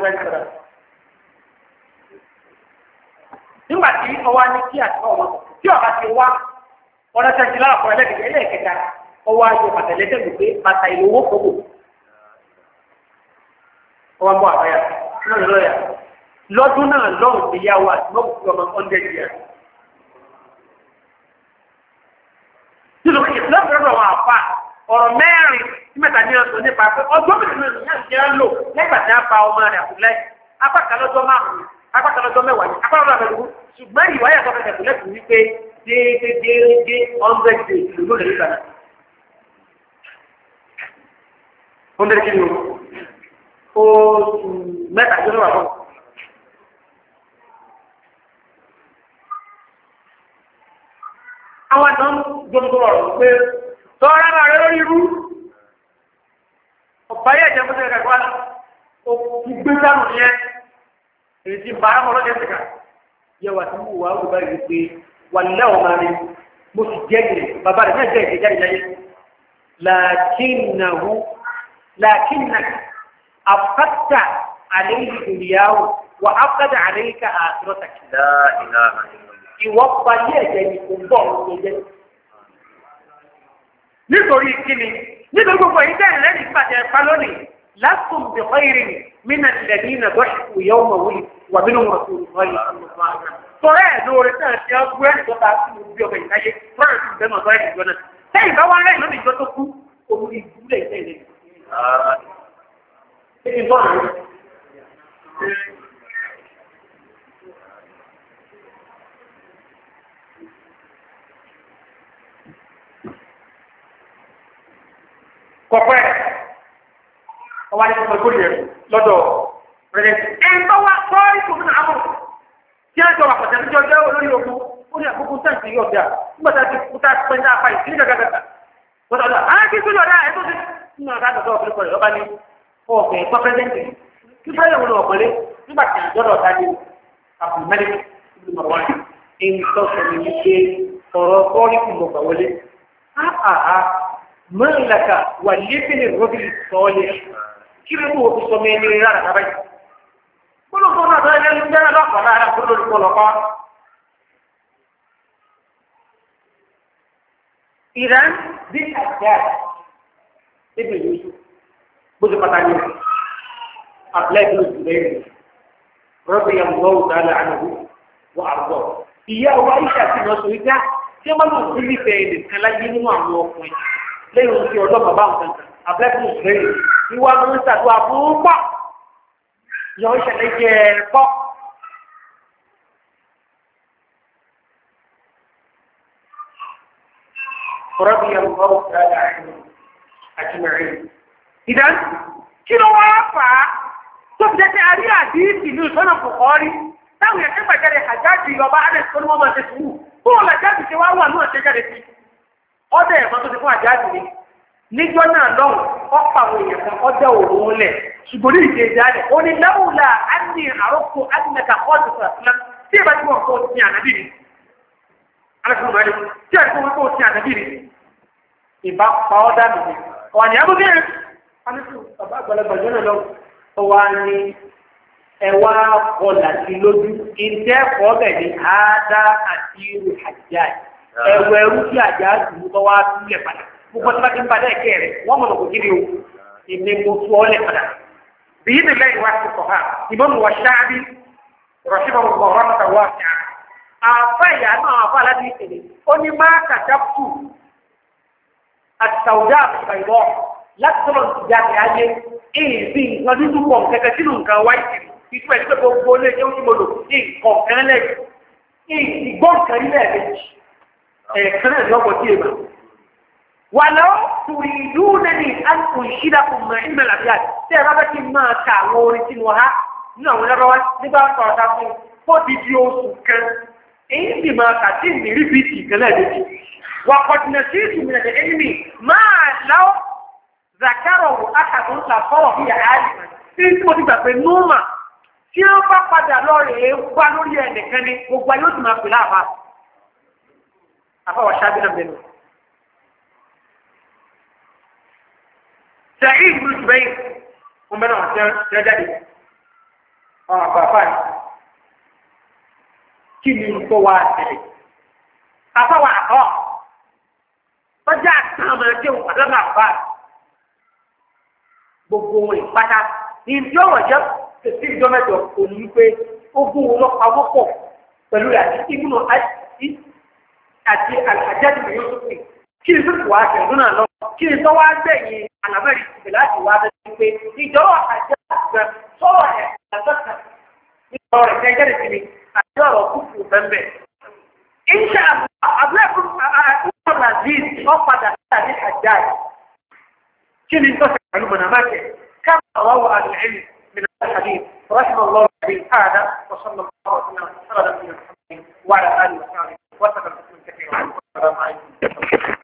tí nígbà tí ọwọ́ ní kí àti ọwọ́ tí ọba ti wá ọ̀rẹ́ sẹ́ńtì láàpọ̀ ẹlẹ́kẹ̀kẹ́ ẹlẹ́kẹ̀kẹ́ ọwọ́ ayé pàtẹ́lẹ́tẹ̀ ló pé bàtà ìlówó kòkò ọwọ́ bọ́ àbáyà lọ́dún lọ́yà lọ́dún náà lọ́rùn ti yá wa àti mọ́kù ọmọ hundred years. nínú ìsìlẹ̀ fẹ́rẹ̀ wọn àfa ọ̀rọ̀ mẹ́rin tí mẹ́ta ní ọ̀sán nípa pé ọjọ́ mẹ́rin náà ń jẹ́ lò lẹ́gbàá apákan ọjọ́ mẹ́wàá ni apákan ọjọ́ mẹ́wàá ṣùgbọ́n ìwà yà sọ́kẹ́ tẹ̀kù lẹ́kùn wípé déédéédéédé hundred days ló lè gbà náà. hundred O oṣù mẹ́ta tó lọ́wọ́ àbọ̀. àwọn àdán gbogbo ọ̀rọ̀ pé tọ́ra bá rẹ lórí irú ọ̀pá yẹ̀ jẹ́ fún ṣẹlẹ̀ kẹ́kọ̀ọ́ òkú gbé sánú yẹn èyí bàá mọ̀ lọ́jọ́ ìsìnká yẹ wà sí mú wàá wù báyìí pé wà lẹ́wọ̀ máa ní mo sì jẹ́ ìrè bàbá rẹ̀ náà jẹ́ ìrè jáde láyé làákìnnàwó làákìnnà àfàtà àléyìn ìdòlìyàwó wà áfàtà àléyìn ká àtúrọ̀tà kìlá ìlà ìwọ́ parí ẹ̀jẹ̀ ni kò bọ̀ ọ́ nítorí kíni nítorí gbogbo ìdẹ́rẹ̀ lẹ́yìn ìpàdé ẹ̀fà lónìí لستم بخير من الذين ضحكوا يوم ولد ومنهم رسول الله صلى الله عليه وسلم sọ̀rọ̀ ẹ̀ lóore náà ṣe ọgbọ́n ẹ̀ nígbà tí mo bí ọmọ ìdáyé lọ́rọ̀ tí mo bẹ́ máa sọ ẹ̀ ìjọ náà sẹ́yìn bá wọn lẹ́yìn lónìí ìjọ tó kú òun ni ìdúlẹ̀ ìṣẹ́ ilẹ̀ ṣéyìn bọ́ àwọn kọ̀pẹ́ ọwọ́ adé tuntun kúrò yẹn lọ́dọ̀ rẹ̀ ẹ̀ńtọ́ wa kọ́rí tó fún àmọ́ tí a jọ wà pàtàkì jọ jẹ́ olórí ogun ó ní àkókò sẹ́ǹtì yóò dà nígbà tá a ti kúta pẹ́ ní apá ìsílẹ̀ gàgàgàgà wọ́n tọ́jú àwọn kí sílẹ̀ ọ̀dà ẹ̀ tó ti nínú ọ̀dà àtọ̀tọ̀ ọ̀fẹ́ kọ̀ọ̀lẹ̀ ọba ní ọ̀fẹ́ pọ́pẹ́sẹ́ǹtì kí fẹ́ẹ́ wọn ọ̀pẹ̀lẹ́ kí ló tó o ti sọ mi ẹni rárá rárá yìí gbólóńgbò náà tó ẹni jẹ́ lọ́kàn lára kó lórí kó lọ́kọ́. ìran bí àjà ẹbí ìlú gbójú pàtàkì àpilẹ́tì ló ti bẹ́ẹ̀ rọ́bì yàgbọ́wò dáadáa àdàbò wà àbọ̀ ìyá wa ìṣe àti ìrọ̀sọ̀ ìjà tí wọ́n bá lò ó nífẹ̀ẹ́ nìkan láyé nínú àwọn ọkùnrin lẹ́yìn oṣù ọlọ́pàá bá ń kankan abẹ́kùn ìgbéyìí ìwà mú sàdúrà púpọ̀ yọ ìṣẹ̀lẹ̀ jẹ́ ẹ̀kọ́. رضي الله تعالى عنه أجمعين إذا كيلو وافا تبدأ أري حديث في سنة البخاري táwọn yẹn nígbà jáde àjáde ìyọba alex tó ní wọn máa ṣe sùúrù bóun làjáde ṣe wá wà ní ọ̀ṣẹ́ jáde sí ọdẹ ẹ̀fọn tó ti fún àjáde ni níjọ́ náà lọ́wọ́ ọ̀pọ̀ àwọn èèyàn kan ọjọ́ òru wọn ṣùgbọ́n ní ìdíje jáde ó ní lẹ́wùlà á ní àròkọ á ní mẹ́ta tí ìbá tí wọ́n kọ́ ti ni alákùnrin bá tí ìbá tí wọ́n kọ́ ti ọrụ ni ìbá pa ọ́ ni ọ̀wà ní abúlé rẹ̀ ọ̀là lójú ìjẹ́ gbogbo lagi pada ti ń padà ẹ̀kẹ́ rẹ̀ wọ́n mọ̀ lọ́kọ̀ gidi o èmi mo tu ọ́ lẹ̀ padà. bíyí ni lẹ́yìn wá sí sọ̀há ìmọ̀mù wa ṣáábí rọ̀ṣíbọ̀ mọ̀ rọ́pàtà wá sí a. àfa ìyá náà àfa aládé ìṣèlè ó ní má kàjá tù àtàwùjá àbùsàìbọ̀ láti boleh, jauh ní ayé èèbì nǹkan nínú pọ̀ kẹ̀kẹ́ sínú nǹkan wáyé ìtú ẹ̀ nígbà gbogbo olóyè tó wàlọ́ tùrìdú nani àtùn ìdàkùn mọ̀ ìmọ̀ làbíyà tẹ́ ẹ bá bá ti máa ka àwọn orin sínú ọ̀há nínú àwọn ọlọ́wọ́ nígbà sọ̀rọ̀ ta fún fóòdì di oṣù kan èyí sì máa kà sí ìrírí bíi ti ìkẹlẹ̀ lójú wà kọ̀dùnà sí ìtumìnà lè ẹni mi máa lọ zakarọ̀ wò ákàtún là fọ́rọ̀ bí àárín tí mo ti gbà pé núùmà tí ó bá padà lọ rèé wá lórí ẹnìkan ni gbogbo ayé ó sì máa pè láàbà àfọwọ́ ṣáájú náà Sa'id ibn Jubair ń bẹ náà tí wọ́n jáde ọ̀rọ̀ àpàpà ni kí ni nǹkó wa tẹ̀lé àfáwà àkọ́ ọjà àtàwọn ẹgbẹ́ òun àdọ́gba àpá gbogbo ìpátá ní ibi ọ̀rọ̀ jẹ́ tètè ìjọ mẹ́jọ òun wípé ogún wọn lọ́pàá wọ́pọ̀ pẹ̀lú àti ibùnà àti àti yóò tó pè kí n fipò àṣẹ̀dún náà lọ kí n tọ́wọ́ gbẹ̀yìn àlàbẹ̀rẹ̀ ìsìnkú láti wá bẹ́ẹ̀ pé ìjọba àjẹ́ àgbẹ̀ sọ̀rọ̀ ẹ̀ àgbẹ̀kan nípa ọ̀rọ̀ ìfẹ́ jẹ́rìí sí mi ọ̀rọ̀ kúkú bẹ́ẹ̀ Iṣẹ́ àbúrẹ́ fún ọ̀rọ̀ Aziz padà sí àjá Kí ni tó pẹ̀lú Mọ̀nàmáṣẹ́? Káàmù àwọn àrùn ẹ̀mí من